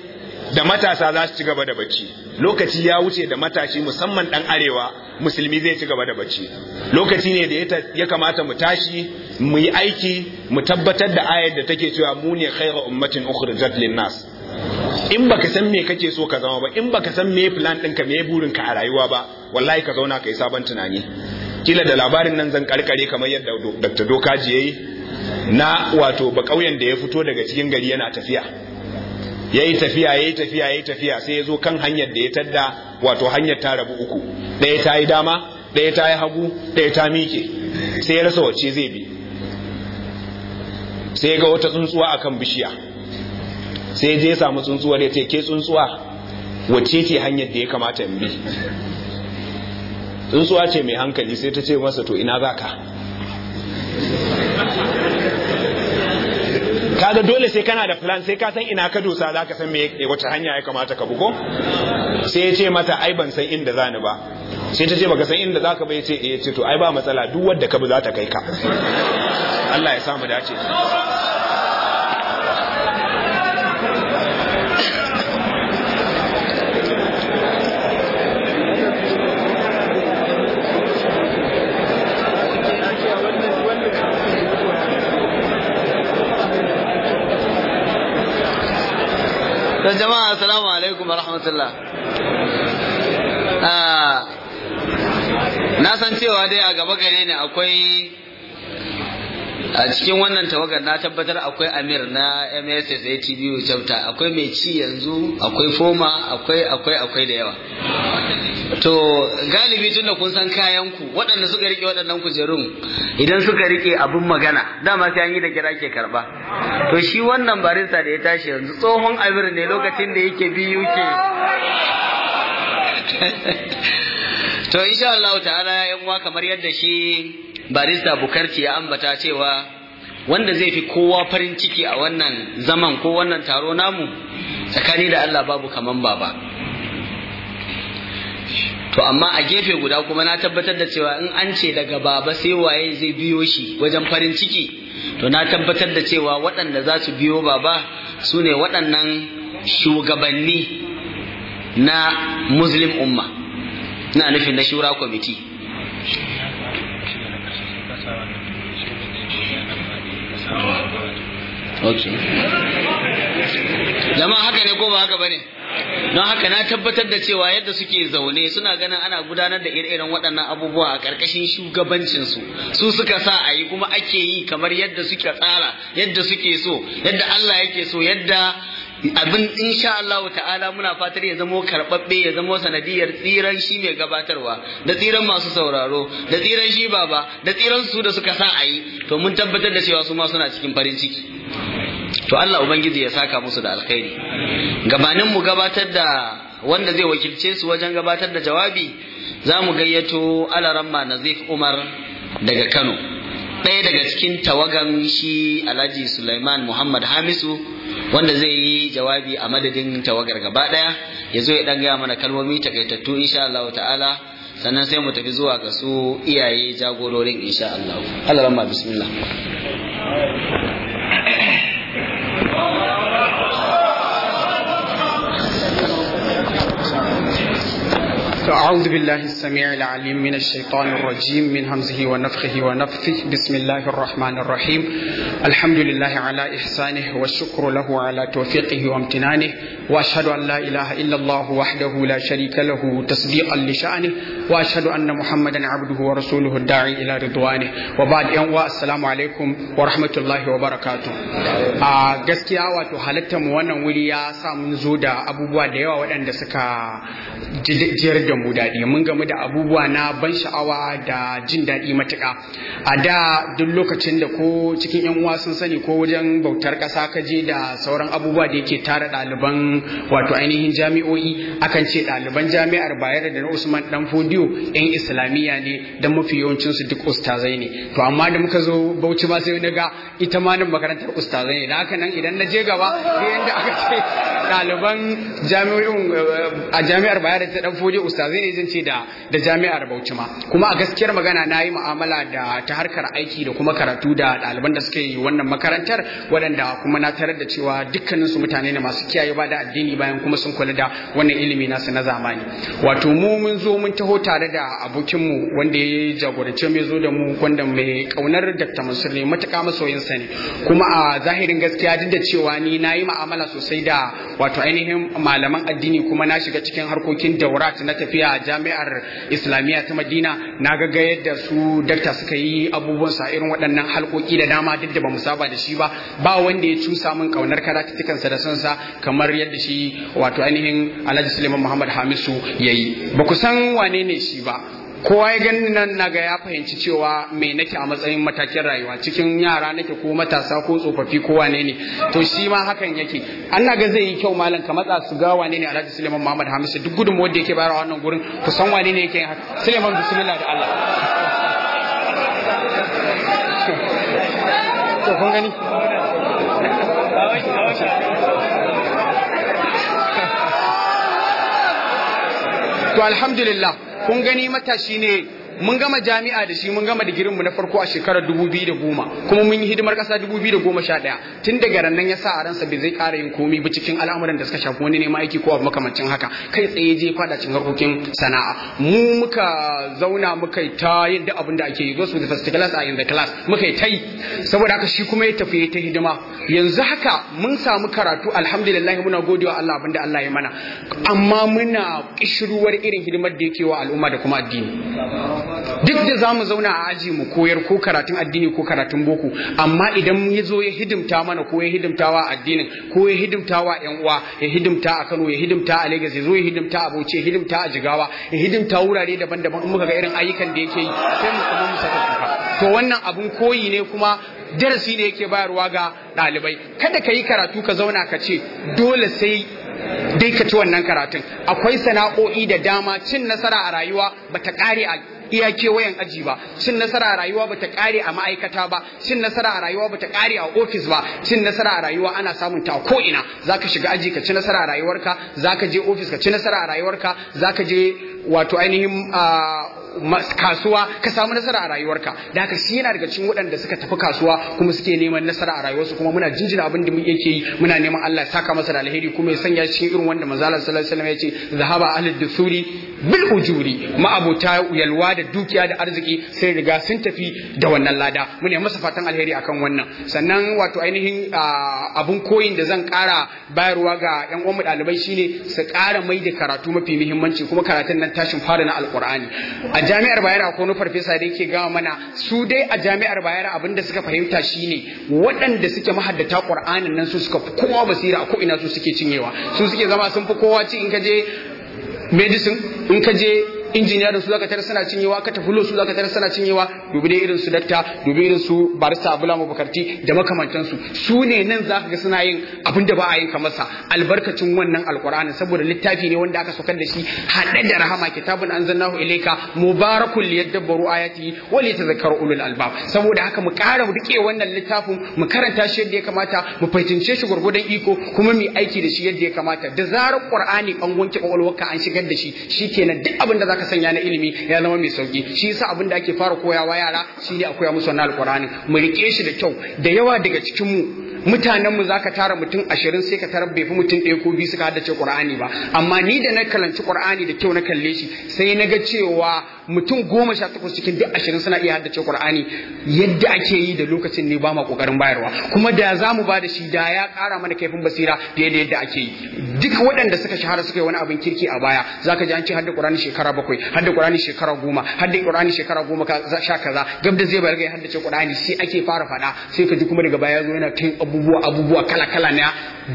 da matasa za su ci gaba da bacci lokaci ya wuce da matashi musamman dan arewa musulmi zai ci gaba da bacci lokaci ne da ya kamata mu tashi mu yi aiki mu tabbatar da ayar da take cewa mu ne khairu ummatin ukhrijat lin nas in baka san me kake so ka zama ba in baka san me plan ɗinka me burin ka a rayuwa ba wallahi ka zauna kai sabon tunani kila da labarin nan zan karkare kamar yadda Dr. Dokaji yayi na wato ba kauyen da ya fito daga cikin gari yana tafiya yayi tafiya ya yi tafiya ya yi tafiya sai ya zo kan hanyar da ya tadda wato hanyar ta rabu uku ɗaya ta yi dama ɗaya ta yi hagu ɗaya ta miƙe sai ya rasa wacce zai bi sai ga wata tsuntsuwa a kan bishiya sai je samu tsuntsuwa da ce ke tsuntsuwa wacce ce hanyar da ya kamata in bi tsuntsuwa ce mai hankali sai ta ce masa to ina za ka kaga dole sai kana da plan sai ka san ina ka dosa za ka san me wace hanya ya kamata ka bugo sai ya ce mata ai ban san inda za ni ba sai ta ce baka san inda za ka ba ya ce eh ce to ai ba matsala duk wadda ka bi za ta kai ka Allah ya samu dace to jama'a assalamu alaikum wa rahmatullah ah, na san cewa dai a gaba gare ni akwai a cikin wannan tawagar na tabbatar akwai amir na mss atbu chapter akwai mai ci yanzu akwai foma akwai akwai akwai da yawa to galibi tunda kun san kayan ku waɗanda suka rike waɗannan kujerun idan suka rike abin magana dama sai an yi da kira ke karba to shi wannan barista da ya tashi yanzu tsohon amir ne lokacin da yake biyu ke to insha Allah ta'ala yan uwa kamar yadda shi barista bukarti ya ambata cewa wanda zai fi kowa farin ciki a wannan zaman ko wannan taro namu tsakani da Allah babu kaman baba to amma a gefe guda kuma na tabbatar da cewa in an ce daga baba sai waye zai biyo shi wajen farin ciki to na tabbatar da cewa waɗanda za su biyo baba su ne waɗannan shugabanni na muslim umma na nufin na shura kwamiti okay zama haka ne ko ba haka bane don haka na tabbatar da cewa yadda suke zaune suna ganin ana gudanar da irin waɗannan abubuwa a ƙarƙashin shugabancinsu su suka sa a yi kuma ake yi kamar yadda suke tsara yadda suke so yadda Allah yake so yadda abin insha Allah ta'ala muna fatar ya zama karɓaɓɓe ya zama sanadiyar tsiran shi mai gabatarwa da tsiran masu sauraro da tsiran shi baba da tsiran su da suka sa a yi to mun tabbatar da cewa su ma suna cikin farin ciki to Allah ubangiji ya saka musu da alkhairi gabanin mu gabatar da wanda zai wakilce su wajen gabatar da jawabi za mu gayyato alaramma nazif umar daga kano ɗaya daga cikin tawagan shi alhaji sulaiman muhammad hamisu wanda zai yi jawabi a madadin tawagar gaba ɗaya ya zo ya ɗan gaya mana kalmomi takaitattu insha Allah ta'ala sannan sai mu tafi zuwa ga su iyaye jagororin insha Allah. Allah bismillah. どうも。أعوذ بالله السميع العليم من الشيطان الرجيم من همزه ونفخه ونفثه بسم الله الرحمن الرحيم الحمد لله على إحسانه والشكر له على توفيقه وامتنانه وأشهد أن لا إله إلا الله وحده لا شريك له تصديقا لشأنه وأشهد أن محمدا عبده ورسوله الداعي إلى رضوانه وبعد يوم السلام عليكم ورحمة الله وبركاته gaskiya wato halittar mu wannan wuri ya sa mun zo da abubuwa da yawa waɗanda suka jiyar da mu daɗi mun gamu da abubuwa na ban sha'awa da jin daɗi matuka a da duk lokacin da ko cikin yan uwa sun sani ko wajen bautar ƙasa ka je da sauran abubuwa da yake tara ɗaliban wato ainihin jami'o'i akan ce ɗaliban jami'ar bayar da na usman dan fodiyo yan islamiyya ne don mafi yawancin su duk ustazai ne to amma da muka zo bauchi ma sai na ga ita ma nan makarantar ustazai ne haka nan idan na je gaba sai yanda aka ce ɗaliban jami'o'in eh, a jami'ar bayar da ta dan fodiyo ustazai zai zan ce da da jami'ar Bauchi ma kuma a gaskiyar magana na yi mu'amala da ta harkar aiki da kuma karatu da ɗaliban da suka yi wannan makarantar waɗanda kuma na tarar da cewa dukkaninsu mutane ne masu kiyaye ba da addini bayan kuma sun kula da wannan ilimi nasu na zamani wato mu mun zo mun taho tare da abokinmu wanda ya jagorance mu zo da mu wanda mai kaunar Dr. Mansur ne matuƙa masoyinsa ne kuma a zahirin gaskiya duk da cewa ni na yi mu'amala sosai da wato ainihin malaman addini kuma na shiga cikin harkokin daurat na tafi tafiya a jami'ar islamiyya ta madina na gaga yadda su dakta suka yi abubuwan sa irin waɗannan halkoki da dama duk da bamu saba da shi ba ba wanda ya cusa min kaunar sa da sonsa kamar yadda shi wato ainihin alhaji suleiman muhammad hamisu ya yi ba ku san wane ne shi ba kowa ya gani nan naga ya fahimci cewa me nake a matsayin matakin rayuwa cikin yara nake ko matasa ko tsofaffi ko wane ne to shi ma hakan yake An ga zai yi kyau malam ka matsa su ga wane ne Alhaji Suleiman Muhammad Hamisu duk gudun wanda yake bayarwa wannan gurin ku san wane ne yake Suleiman bismillah da Allah to kun gani to alhamdulillah kun gani matashi ne mun gama jami'a da shi mun gama digirin mu na farko a shekarar 2010 kuma mun yi hidimar kasa 2011 tun daga ran nan ya sa a ransa bai zai ƙara yin komai ba cikin al'amuran da suka shafi wani neman aiki ko abu makamancin haka kai tsaye je fada cikin harkokin sana'a mu muka zauna muka ta yin duk abin da ake yi those the first class a in the class muka yi ta yi saboda haka shi kuma ya tafi ta hidima yanzu haka mun samu karatu alhamdulillah muna godewa Allah abin da Allah ya mana amma muna kishiruwar irin hidimar da yake wa al'umma da kuma addini duk da zamu zauna a aji mu koyar ko karatun addini ko karatun boko amma idan ya zo ya hidimta mana ko ya hidimtawa addinin ko ya hidimtawa yan uwa ya hidimta a Kano ya hidimta a Lagos ya zo ya hidimta a Bauchi ya hidimta a Jigawa ya hidimta wurare daban-daban in muka ga irin ayyukan da yake yi sai mu kuma mu saka kuka to wannan abun koyi ne kuma darasi ne yake bayarwa ga ɗalibai kada ka yi karatu ka zauna ka ce dole sai dai ka ci wannan karatun akwai sana'o'i da dama cin nasara a rayuwa bata kare a iya kewayen aji ba cin nasara a rayuwa bata kare a ma'aikata ba cin nasara a rayuwa bata kare a ofis ba cin nasara a rayuwa ana samun ta ko ina zaka shiga aji ka ci nasara a rayuwarka zaka je ofis ka ci nasara a rayuwarka zaka je wato ainihin kasuwa ka samu nasara a rayuwarka da haka shi yana daga cikin waɗanda suka tafi kasuwa kuma suke neman nasara a rayuwarsu kuma muna jinjina abin da yake yi muna neman Allah ya saka masa da alheri kuma ya sanya shi cikin irin wanda manzo Allah sallallahu alaihi wasallam ya ce zahaba ahli dusuri bil ujuri ma'abuta yalwa da dukiya da arziki sai riga sun tafi da wannan lada mu ne masa fatan alheri akan wannan sannan wato ainihin abun koyin da zan kara bayarwa ga yan uwan mu dalibai shine su kara mai da karatu mafi muhimmanci kuma karatun nan wannan tashin fara na alkur'ani a jami'ar bayar a kono farfesa da yake gama mana su dai a jami'ar bayar abin da suka fahimta shine waɗanda suke mahaddata qur'anin nan su suka fi kowa basira a ko ina su suke cinyewa su suke zama sun fi kowa ci in ka je medicine in ka je injiniya da su zaka tare suna cinyewa ka tafi lo su zaka tare suna cinyewa dubi dai irin su datta dubi irin su barista mu bukarti da makamantan su su ne nan zaka ga suna yin abin da ba a yin kamar sa albarkacin wannan alqur'ani saboda littafi ne wanda aka sokar da shi hade da rahama kitabun anzalnahu ilayka mubarakul liyadabbaru ayati wa liyatadhakkaru ulul albab saboda haka mu kara mu rike wannan littafin mu karanta shi yadda ya kamata mu fahimce shi gurgudan iko kuma mu yi aiki da shi yadda ya kamata da zarar qur'ani an wanke kwakwalwarka an shigar da shi shikenan duk abin da aka sanya na ilimi ya zama mai sauki shi yasa abin da ake fara koyawa yara shi ne a koya musu wannan alqur'ani mu riƙe shi da kyau da yawa daga cikin mu mutanenmu za ka tara mutum ashirin sai ka tarar bai fi mutum ɗaya ko biyu suka haddace ƙur'ani ba amma ni da na kalanci ƙur'ani da kyau na kalle shi sai na ga cewa mutum goma sha takwas cikin duk ashirin suna iya haddace ƙur'ani yadda ake yi da lokacin ne ba ma ƙoƙarin bayarwa kuma da za mu ba da shi da ya ƙara mana kaifin basira fiye da yadda ake yi duk waɗanda suka shahara suka yi wani abin kirki a baya za ka ji an ce hadda ƙur'ani shekara bakwai hadda ƙur'ani shekara goma hadda ƙur'ani shekara goma sha kaza gab zai bayar ga ya haddace ƙur'ani sai ake fara faɗa sai ka ji kuma daga baya zo yana kai abubuwa abubuwa kala kala na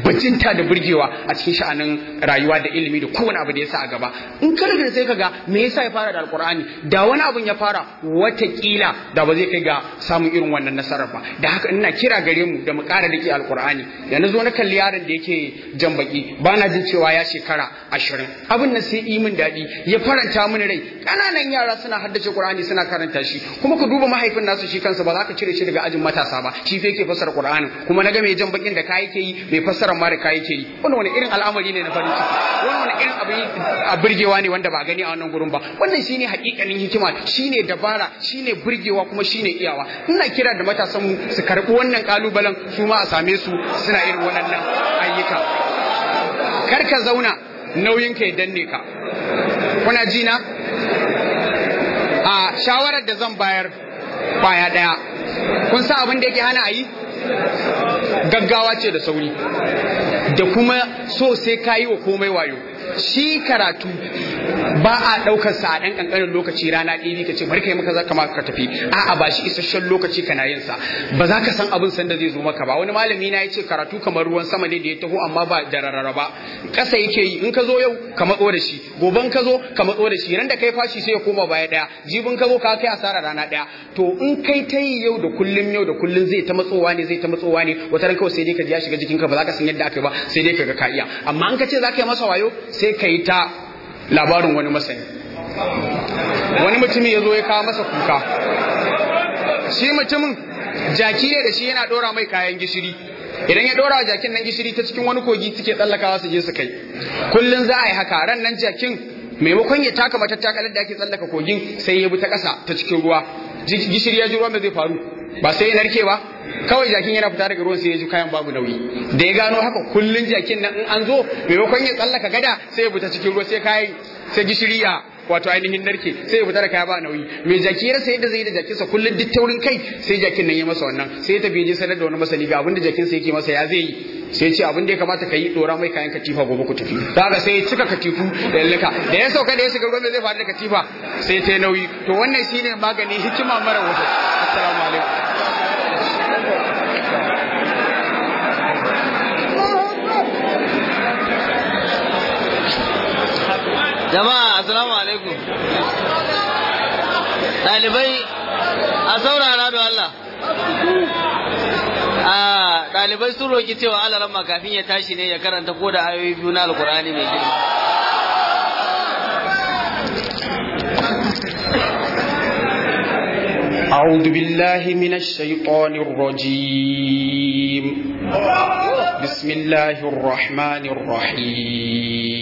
bajinta da burgewa a cikin sha'anin rayuwa da ilimi da kowane abu da ya sa a gaba in ka da sai ga me yasa ya fara da alkur'ani da wani abun ya fara watakila da ba zai kai ga samun irin wannan nasarar ba da haka ina kira gare mu da mu ƙara dake alkur'ani da na zo na kalli yaron da yake jan baki ba na jin cewa ya shekara ashirin abin nan sai imin daɗi ya faranta mini rai ƙananan yara suna haddace qur'ani suna karanta shi kuma ku duba mahaifin nasu shi kansa ba za ka cire shi daga ajin matasa ba shi fa yake fasara qur'anin kuma na ga mai jan bakin da kai ke yi mai fassarar ma da kai ke yi wannan wani irin al'amari ne na farin ciki wannan wani irin abin a burgewa ne wanda ba gani a wannan gurin ba wannan shine hakikanin hikima shine dabara shine burgewa kuma shine iyawa ina kira da matasan mu su karbi wannan kalubalen su ma a same su suna irin wannan ayyuka kar ka zauna nauyin ka ya danne ka kuna ji na a shawarar da zan bayar baya daya kun sa abin da yake hana ayi? gaggawa ce da sauri da kuma so sai kayi yi wa komai wayo shi karatu ba a ɗaukar sa a ɗan ƙanƙanin lokaci rana ɗiri ka ce barka yi maka za kama ka tafi a'a ba shi isasshen lokaci kana yin sa ba za ka san abin sanda zai zo maka ba wani malami na ya ce karatu kamar ruwan sama ne da ya taho amma ba da rarraba. ba ƙasa yake yi in ka zo yau ka matso da shi in ka zo ka matso da shi ran da kai fashi sai ya koma baya ɗaya jibin ka zo ka kai asara rana ɗaya to in kai ta yi yau da kullum yau da kullum zai ta matsowa ne zai ta matsowa ne wata ran kawai sai dai ka ji ya shiga jikinka ba za ka san yadda aka yi ba sai dai ka ga ka amma in ka ce za ka yi masa wayo sai sai ka yi ta labarin wani masani wani mutumin ya zo ya kawo masa kuka shi mutumin jaki ne da shi yana ɗora mai kayan gishiri idan ya dora jakin nan gishiri ta cikin wani kogi suke tsallakawa su je su kai kullum za a yi haka ran nan jakin maimakon ya taka matattakalar da ake tsallaka kogin sai ya bi ta ƙasa ta cikin ruwa gishiri ya ji ruwan da zai faru ba sai narke ba kawai jakin yana fita daga ruwan sai ya ji kayan babu nauyi da ya gano haka kullun jakin nan in an zo maimakon ya tsallaka gada sai ya fita cikin ruwa sai kai sai gishiri ya wato ainihin narke sai ya fita da kaya ba nauyi mai jaki sai yadda zai yi da sa kullun duk taurin kai sai jakin nan ya masa wannan sai ya tafi ji sanar da wani masani ga abinda jakin sa yake masa ya zai yi sai ce abin da ya kamata ka yi dora mai kayan katifa gobe ku tafi daga sai ya cika katifu da yallaka da ya sauka da ya shiga ruwan zai faru da katifa sai ta nauyi to wannan shine maganin hikima mara wato assalamu alaikum jama'a assalamu alaikum ɗalibai a saurara da Allah a ɗalibai sun roki cewa alaran kafin ya tashi ne ya karanta ko da ayoyi biyu na alkur'ani mai girma أعوذ بالله من الشيطان الرجيم بسم الله الرحمن الرحيم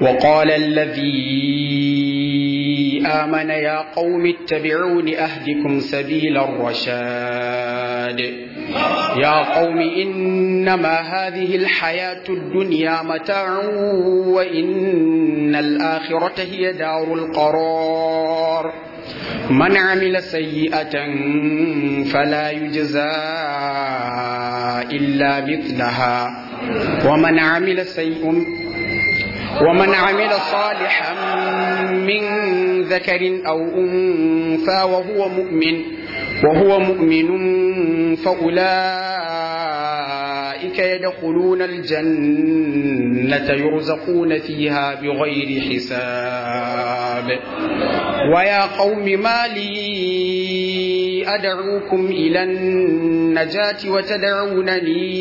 وقال الذي آمن يا قوم اتبعون أهدكم سبيل الرشاد يا قوم إنما هذه الحياة الدنيا متاع وإن الآخرة هي دار القرار من عمل سيئة فلا يجزى إلا مثلها ومن عمل سيئا ومن عمل صالحا من ذكر أو أنثى وهو مؤمن وهو مؤمن فأولئك أولئك يدخلون الجنة يرزقون فيها بغير حساب ويا قوم ما لي أدعوكم إلى النجاة وتدعونني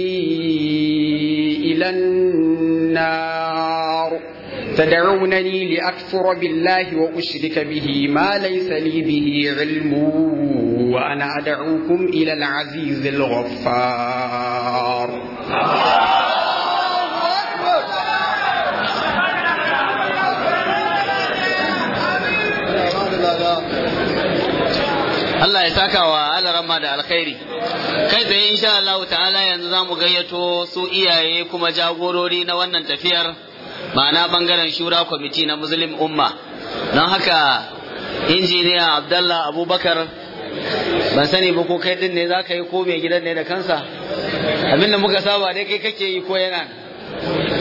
إلى النار تدعونني لأكفر بالله وأشرك به ما ليس لي به علم وأنا أدعوكم إلى العزيز الغفار Allah ya saka wa alarama da alkhairi kai tsaye insha Allah ta'ala yanzu za mu gayyato su iyaye kuma jagorori na wannan tafiyar ma'ana bangaren shura kwamiti na muslim umma don haka injiniya abdallah abubakar ban sani ba ko kai din ne za ka yi ko mai gidan ne da kansa abin da muka saba dai kai kake yi ko yana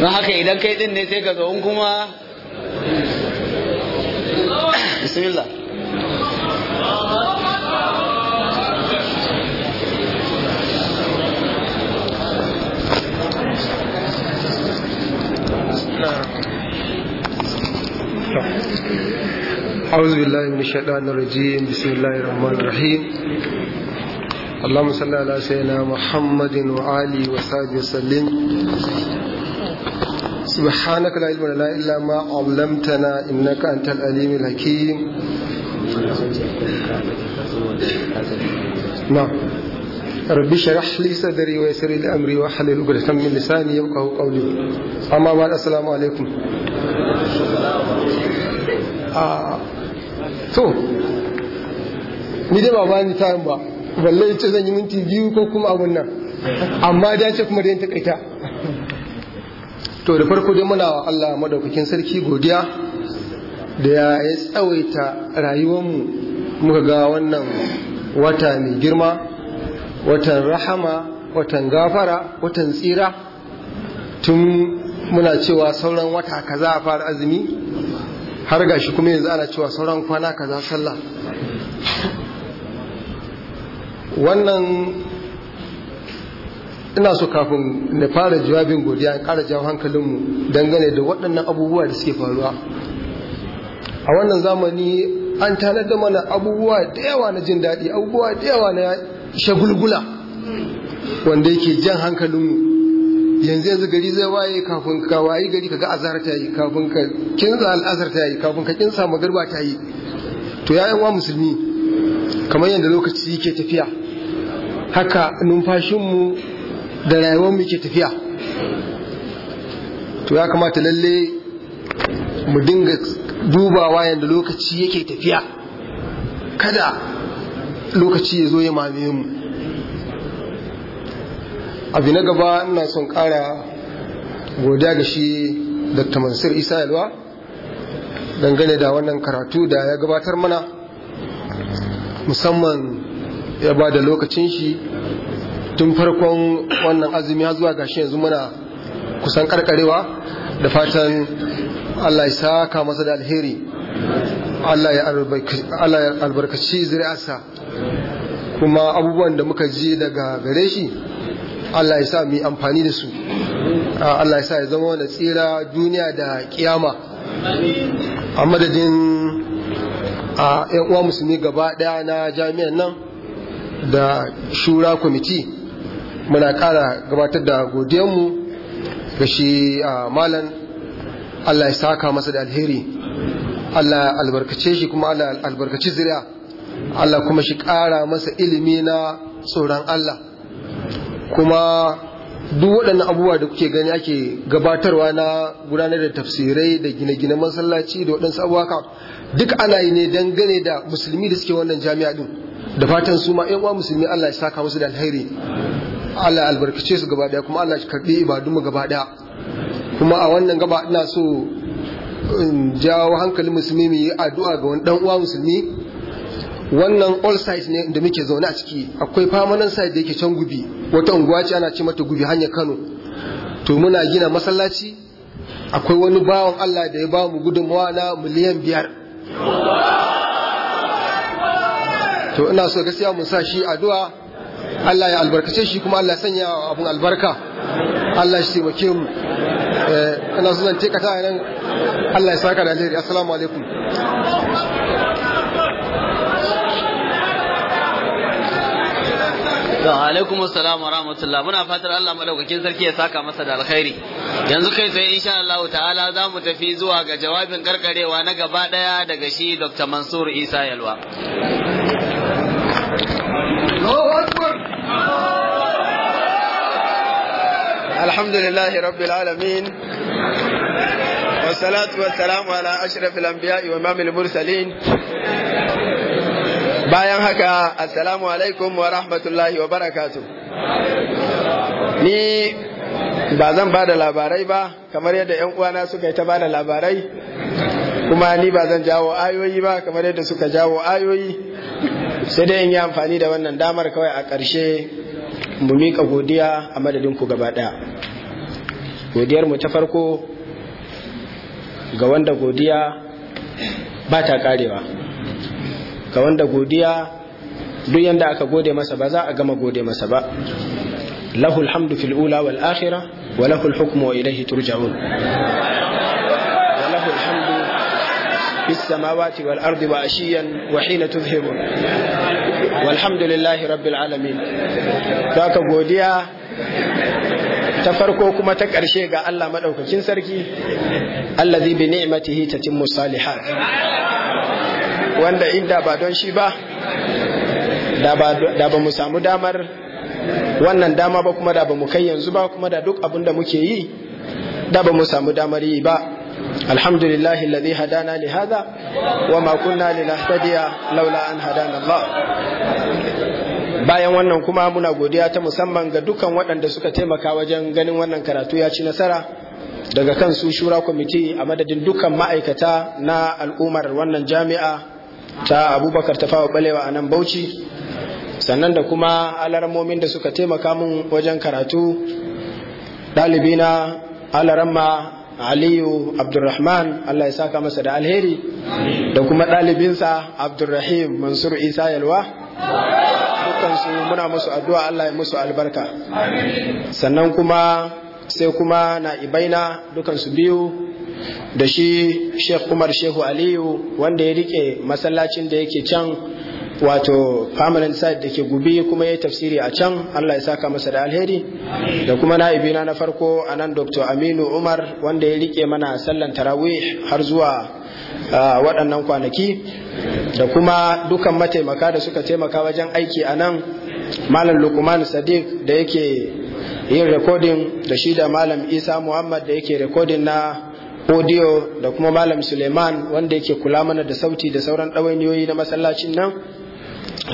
don haka idan kai din ne sai ka zo kuma bismillah أعوذ بالله من الشيطان الرجيم بسم الله الرحمن الرحيم اللهم صل على سيدنا محمد وآله وصحبه وسلم سبحانك لا علم لنا إلا ما علمتنا إنك أنت العليم الحكيم نعم ربي شرح لي صدري ويسر لي أمري وحلل عقدة من لساني يفقه قولي أما بعد السلام عليكم آه to ni dai ba bani time ba balle ce zan yi minti biyu ko kuma abun nan amma da ce kuma da yin takaita to da farko dai muna wa Allah madaukakin sarki godiya da ya tsawaita rayuwar mu muka ga wannan wata mai girma watan rahama watan gafara watan tsira tun muna cewa sauran wata kaza a fara azumi har gashi kuma yanzu ana cewa sauran kwana kaza sallah wannan ina so kafin na fara jawabin godiya in kara jawo hankalinmu dangane da waɗannan abubuwa da suke faruwa a wannan zamani an tanar da mana abubuwa da yawa na jin daɗi abubuwa da yawa na shagulgula wanda yake jan hankalinmu yanzu yanzu gari zai waye kafin ka wayi gari kaga azhar ta yi kafin ka kinza al'azhar ta yi kafin ka kinsa Garba ta yi to yayin wa musulmi kamar yadda lokaci yake tafiya haka numfashinmu da rayuwarmu ke tafiya to ya kamata lalle mu dinga dubawa yadda lokaci yake tafiya kada lokaci ya zo ya mame mu abu na gaba ina son kara godiya ga shi da mansur isa yalwa dangane da wannan karatu da ya gabatar mana musamman ya ba da lokacin shi tun farkon wannan azumi har zuwa gashi yanzu muna kusan karkarewa da fatan allah ya saka masa da alheri allah ya albarkaci zuri'arsa kuma abubuwan da muka ji daga gare shi Allah ya sa mu amfani da su Allah ya sa ya zama wanda tsira duniya da kiyama a madadin a yan uwa musulmi gaba ɗaya na jami'an nan da shura kwamiti muna kara gabatar da godiyanmu ga shi a malan Allah ya saka masa da alheri Allah albarkace shi kuma Allah albarkaci zuriya Allah kuma shi kara masa ilimi na tsoron Allah kuma duk waɗannan abubuwa da kuke gani ake gabatarwa na gudanar da tafsirai da gine-gine masallaci da waɗansu abubuwa duk ana yi ne gane da musulmi da suke wannan jami'a din da fatan su ma uwa musulmi Allah ya saka musu da alheri Allah albarkace su gaba daya kuma Allah ya karbi ibadunmu gaba daya kuma a wannan gaba ina so in jawo hankalin musulmi mu yi addu'a ga wani dan uwa musulmi wannan all side ne da muke zaune a ciki akwai permanent side da yake can gubi wata unguwa ce ana ce mata gubi hanyar Kano to muna gina masallaci akwai wani bawan Allah da ya ba mu gudunmawa na miliyan biyar to ina so gaskiya mun sa shi addu'a Allah ya albarkace shi kuma Allah ya sanya abun albarka Allah shi taimake mu eh, ina so zan ta nan Allah ya saka da alheri assalamu alaikum wa alaikum assalam wa rahmatullah muna fatar Allah madaukakin sarki ya saka masa da alkhairi yanzu kai sai insha Allah ta'ala za mu tafi zuwa ga jawabin karkarewa na gaba daya daga shi Dr. Mansur Isa Yalwa الحمد لله رب العالمين والصلاة والسلام على أشرف الأنبياء وإمام المرسلين bayan haka assalamu alaikum wa rahmatullahi wa barakatu ni ba zan ba da labarai ba kamar yadda 'yan uwana suka yi ta ba da labarai kuma ni ba zan jawo ayoyi ba kamar yadda suka jawo ayoyi sai dai in yi amfani da wannan damar kawai a ƙarshe mu miƙa godiya a madadin ku gaba ɗaya godiyar mu ta farko ga wanda godiya ba ta ƙarewa ga wanda godiya duk yanda aka gode masa ba za a gama gode masa ba lahu alhamdu fil ula wal akhira wa lahul hukmu wa ilayhi turja'un wa lahul fis samawati wal ardi wa ashiyan wa hina tuzhirun walhamdulillahi rabbil alamin ka godiya ta farko kuma ta karshe ga Allah maɗaukacin sarki allazi bi ni'matihi tatimmu salihat wanda inda ba don shi ba da ba mu samu damar wannan dama ba kuma da ba mu kai yanzu ba kuma da duk abin da muke yi da ba mu samu damar yi ba alhamdulillah alladhi hadana li hadha wa ma kunna linahtadiya laula an hadana Allah bayan wannan kuma muna godiya ta musamman ga dukkan waɗanda suka taimaka wajen ganin wannan karatu ya ci nasara daga kan su shura kwamiti a madadin dukkan ma'aikata na al'ummar wannan jami'a ta abubakar ta fawa balewa a nan bauchi sannan da kuma alarmomin da suka taimaka mun wajen karatu ɗalibina alaramma aliyu abdurrahman allah ya saka masa da alheri da kuma ɗalibinsa abdurrahim mansur isa yalwa dukansu muna musu addu'a allah ya musu albarka sannan kuma sai kuma na ibaina dukansu biyu da shi Sheikh Umar Shehu Aliyu wanda ya rike masallacin da yake can wato permanent site da ke gubi kuma ya tafsiri a can Allah ya saka masa da alheri da kuma na'ibina na farko a Dr. Aminu Umar wanda ya rike mana sallan tarawih har zuwa waɗannan kwanaki da kuma dukan mataimaka da suka taimaka wajen aiki a nan Malam Lukman Sadiq da yake yin recording da shi da Malam Isa Muhammad da yake recording na audio da kuma malam suleiman wanda yake kula mana da sauti da sauran ɗawainiyoyi na masallacin nan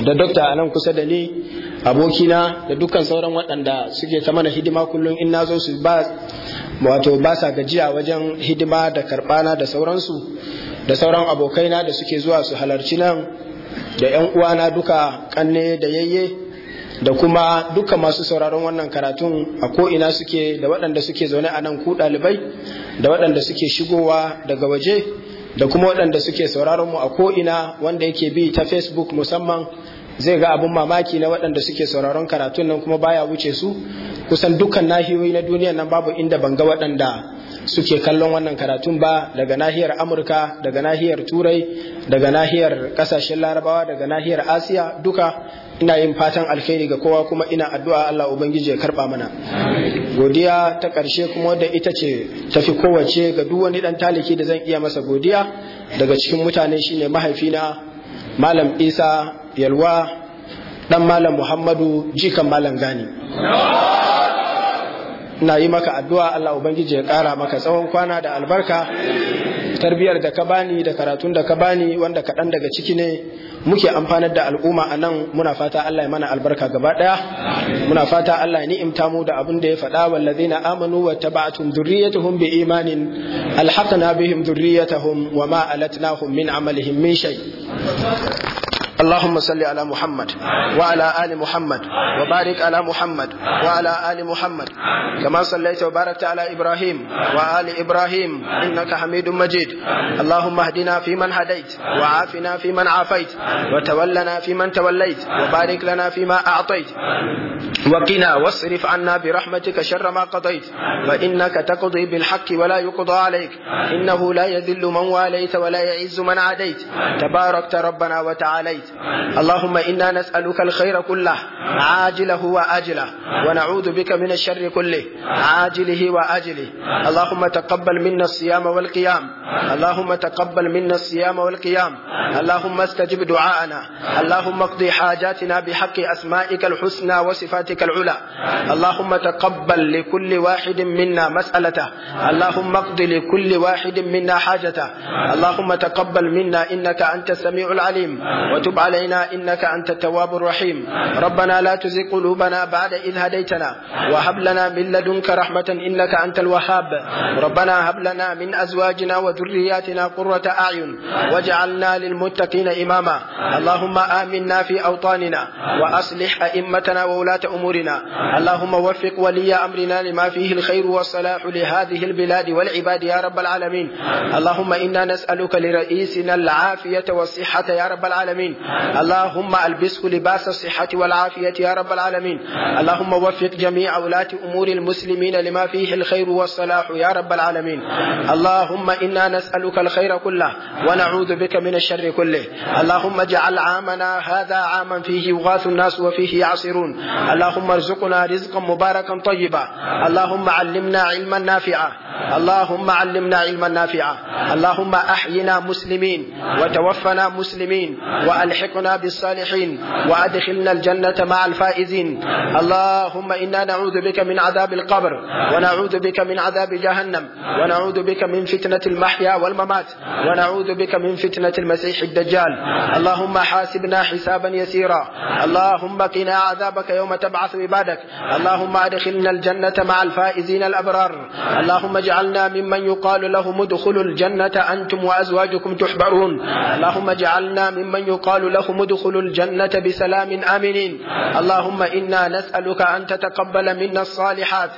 da dokta a nan kusa da ni abokina da dukkan sauran waɗanda suke ta mana hidima kullum in na zo su ba wato ba sa gajiya wajen hidima da karɓana da sauransu da sauran abokaina da suke zuwa su halarci nan da 'yan uwana duka kanne da yayye da kuma duka masu sauraron wannan karatun a ko'ina suke da waɗanda suke zaune a nan ku ɗalibai da waɗanda suke shigowa daga waje da kuma waɗanda suke sauraron mu a ko'ina wanda yake bi ta facebook musamman zai ga abin mamaki na waɗanda suke sauraron karatun nan kuma baya wuce su kusan dukkan nahiyoyi na duniya nan babu inda ban ga waɗanda suke kallon wannan karatun ba daga nahiyar amurka daga nahiyar turai daga nahiyar kasashen larabawa daga nahiyar asiya duka ina yin fatan alkhairi ga kowa kuma ina addu'a Allah ubangiji ya karba mana godiya ta karshe kuma wanda ita ce tafi kowace ga duk wani dan taliki da zan iya masa godiya daga cikin mutane shine mahaifina malam Isa Yalwa dan malam Muhammadu jikan malam Gani na yi maka addu'a Allah ubangiji ya kara maka tsawon kwana da albarka tarbiyar da ka bani da karatun da ka bani wanda kaɗan daga ciki ne muke amfanar da al'umma a nan muna fata Allah ya mana albarka gaba ɗaya muna fata Allah ya ni'imta mu da abin da ya faɗa wallazina amanu wa taba'atum dhurriyyatuhum bi imanin alhaqna bihim dhurriyyatahum wa ma alatnahum min amalihim min shay اللهم صل على محمد وعلى آل محمد وبارك على محمد وعلى آل محمد كما صليت وباركت على إبراهيم وآل إبراهيم إنك حميد مجيد اللهم اهدنا فيمن هديت وعافنا فيمن عافيت وتولنا فيمن توليت وبارك لنا فيما أعطيت وقنا واصرف عنا برحمتك شر ما قضيت فإنك تقضي بالحق ولا يقضى عليك إنه لا يذل من واليت ولا يعز من عاديت تباركت ربنا وتعاليت اللهم إنا نسألك الخير كله عاجله وآجله ونعوذ بك من الشر كله عاجله وآجله اللهم تقبل منا الصيام والقيام اللهم تقبل منا الصيام والقيام اللهم استجب دعاءنا اللهم اقضي حاجاتنا بحق أسمائك الحسنى وصفاتك العلى اللهم تقبل لكل واحد منا مسألته اللهم اقضي لكل واحد منا حاجته اللهم تقبل منا إنك أنت السميع العليم وتب علينا إنك أنت التواب الرحيم ربنا لا تزغ قلوبنا بعد إذ هديتنا وهب لنا من لدنك رحمة إنك أنت الوهاب ربنا هب لنا من أزواجنا وذرياتنا قرة أعين واجعلنا للمتقين إماما اللهم آمنا في أوطاننا وأصلح أئمتنا وولاة أمورنا اللهم وفق ولي أمرنا لما فيه الخير والصلاح لهذه البلاد والعباد يا رب العالمين اللهم إنا نسألك لرئيسنا العافية والصحة يا رب العالمين اللهم البسه لباس الصحة والعافية يا رب العالمين اللهم وفق جميع ولاة أمور المسلمين لما فيه الخير والصلاح يا رب العالمين اللهم إنا نسألك الخير كله ونعوذ بك من الشر كله اللهم اجعل عامنا هذا عاما فيه يغاث الناس وفيه يعصرون اللهم ارزقنا رزقا مباركا طيبا اللهم علمنا علما نافعا اللهم علمنا علما نافعا اللهم أحينا مسلمين وتوفنا مسلمين وأل والحقنا بالصالحين وأدخلنا الجنة مع الفائزين اللهم إنا نعوذ بك من عذاب القبر ونعوذ بك من عذاب جهنم ونعوذ بك من فتنة المحيا والممات ونعوذ بك من فتنة المسيح الدجال اللهم حاسبنا حسابا يسيرا اللهم قنا عذابك يوم تبعث عبادك اللهم أدخلنا الجنة مع الفائزين الأبرار اللهم اجعلنا ممن يقال لهم ادخلوا الجنة أنتم وأزواجكم تحبرون اللهم اجعلنا ممن يقال يقال لهم ادخلوا الجنة بسلام آمنين اللهم إنا نسألك أن تتقبل منا الصالحات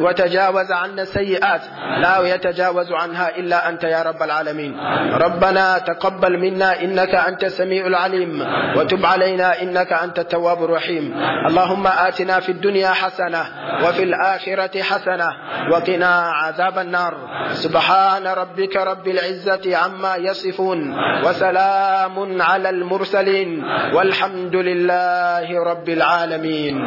وتجاوز عنا السيئات لا يتجاوز عنها إلا أنت يا رب العالمين ربنا تقبل منا إنك أنت السميع العليم وتب علينا إنك أنت التواب الرحيم اللهم آتنا في الدنيا حسنة وفي الآخرة حسنة وقنا عذاب النار سبحان ربك رب العزة عما يصفون وسلام على المرسلين والحمد لله رب العالمين